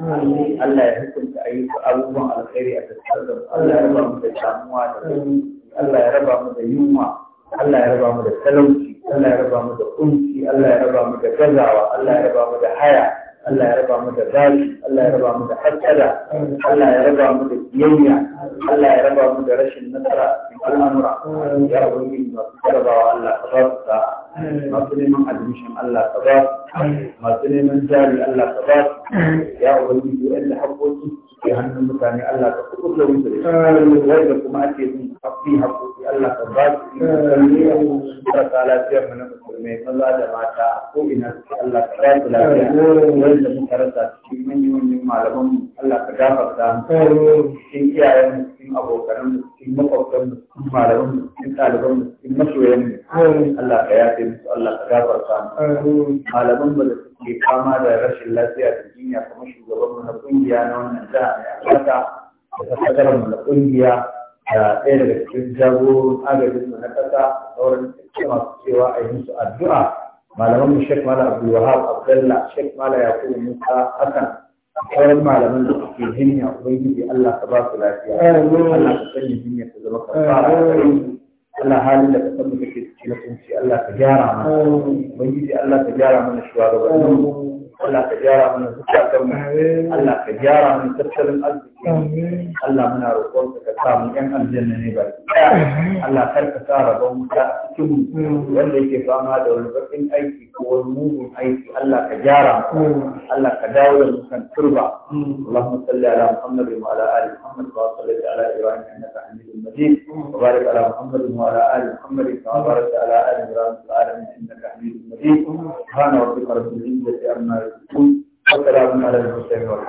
Allah ya hukunta ayyuka abubuwan alkhairi a tattare da mu Allah ya raba mu da damuwa da Allah ya raba mu da yunwa Allah ya raba mu da talauci Allah ya raba mu da kunci Allah ya raba mu da gazawa Allah ya raba mu da haya Allah ya raba mu da bashi Allah ya raba mu da hasada Allah ya raba mu da biyayya Allah ya raba mu da rashin nasara cikin al'amura ya rabu ni masu jarabawa Allah ka ba su sa'a masu neman admission Allah ka ba masu neman jari Allah ka ba ya ubangiji yadda haƙoƙi ke hannun mutane Allah ka kudu da wuce wanda kuma ake yin haƙi haƙoƙi Allah ka ba su yi marasa lafiyar mu na musulmai maza da mata ko ina suke Allah ka ba su lafiya wanda muka rasa cikin manyan malaman mu Allah ka gafarta cikin iyayen mu cikin abokanan mu cikin makwabtan mu cikin malaman mu cikin ɗaliban mu cikin masoyan mu Allah ka yafe musu Allah ka gafarta mu malaman mu da suke fama da rashin lafiya da jinya kamar shugaban mu na kungiya na wannan jiha mai albarka da sakataren mu na kungiya da ɗaya daga cikin jagorin agajin mu na ƙasa sauran masu cewa a yi musu addu'a malaman mu Sheikh Malam Abdul Wahab Abdullah Sheikh Malam Yakubu Musa Hassan sauran malaman da suke jinya ubangiji Allah ka ba su lafiya Allah ka sanya jinya ta zama kafara a Allah halin da ka san mu ke ciki na kunci Allah ka gyara mana ubangiji Allah ka gyara mana shugabannin Allah ka gyara mana zukatan mu Allah ka gyara mana tattalin arziki Allah muna roƙon ka ka sa ƴan aljanna ne ba Allah kar ka sa rabon wuta a cikin mu wanda yake fama da wani bakin aiki ko wani mugun aiki Allah ka gyara Allah ka dawo da mu kan turba Allahumma salli ala Muhammad wa ala ali Muhammad wa salli ala Ibrahim innaka Hamidum Majid wa barik ala Muhammad wa ala ali Muhammad wa barik ala ali Ibrahim innaka Hamidum Majid subhana rabbika rabbil izzati amma kun wasalamu ala al-mursalin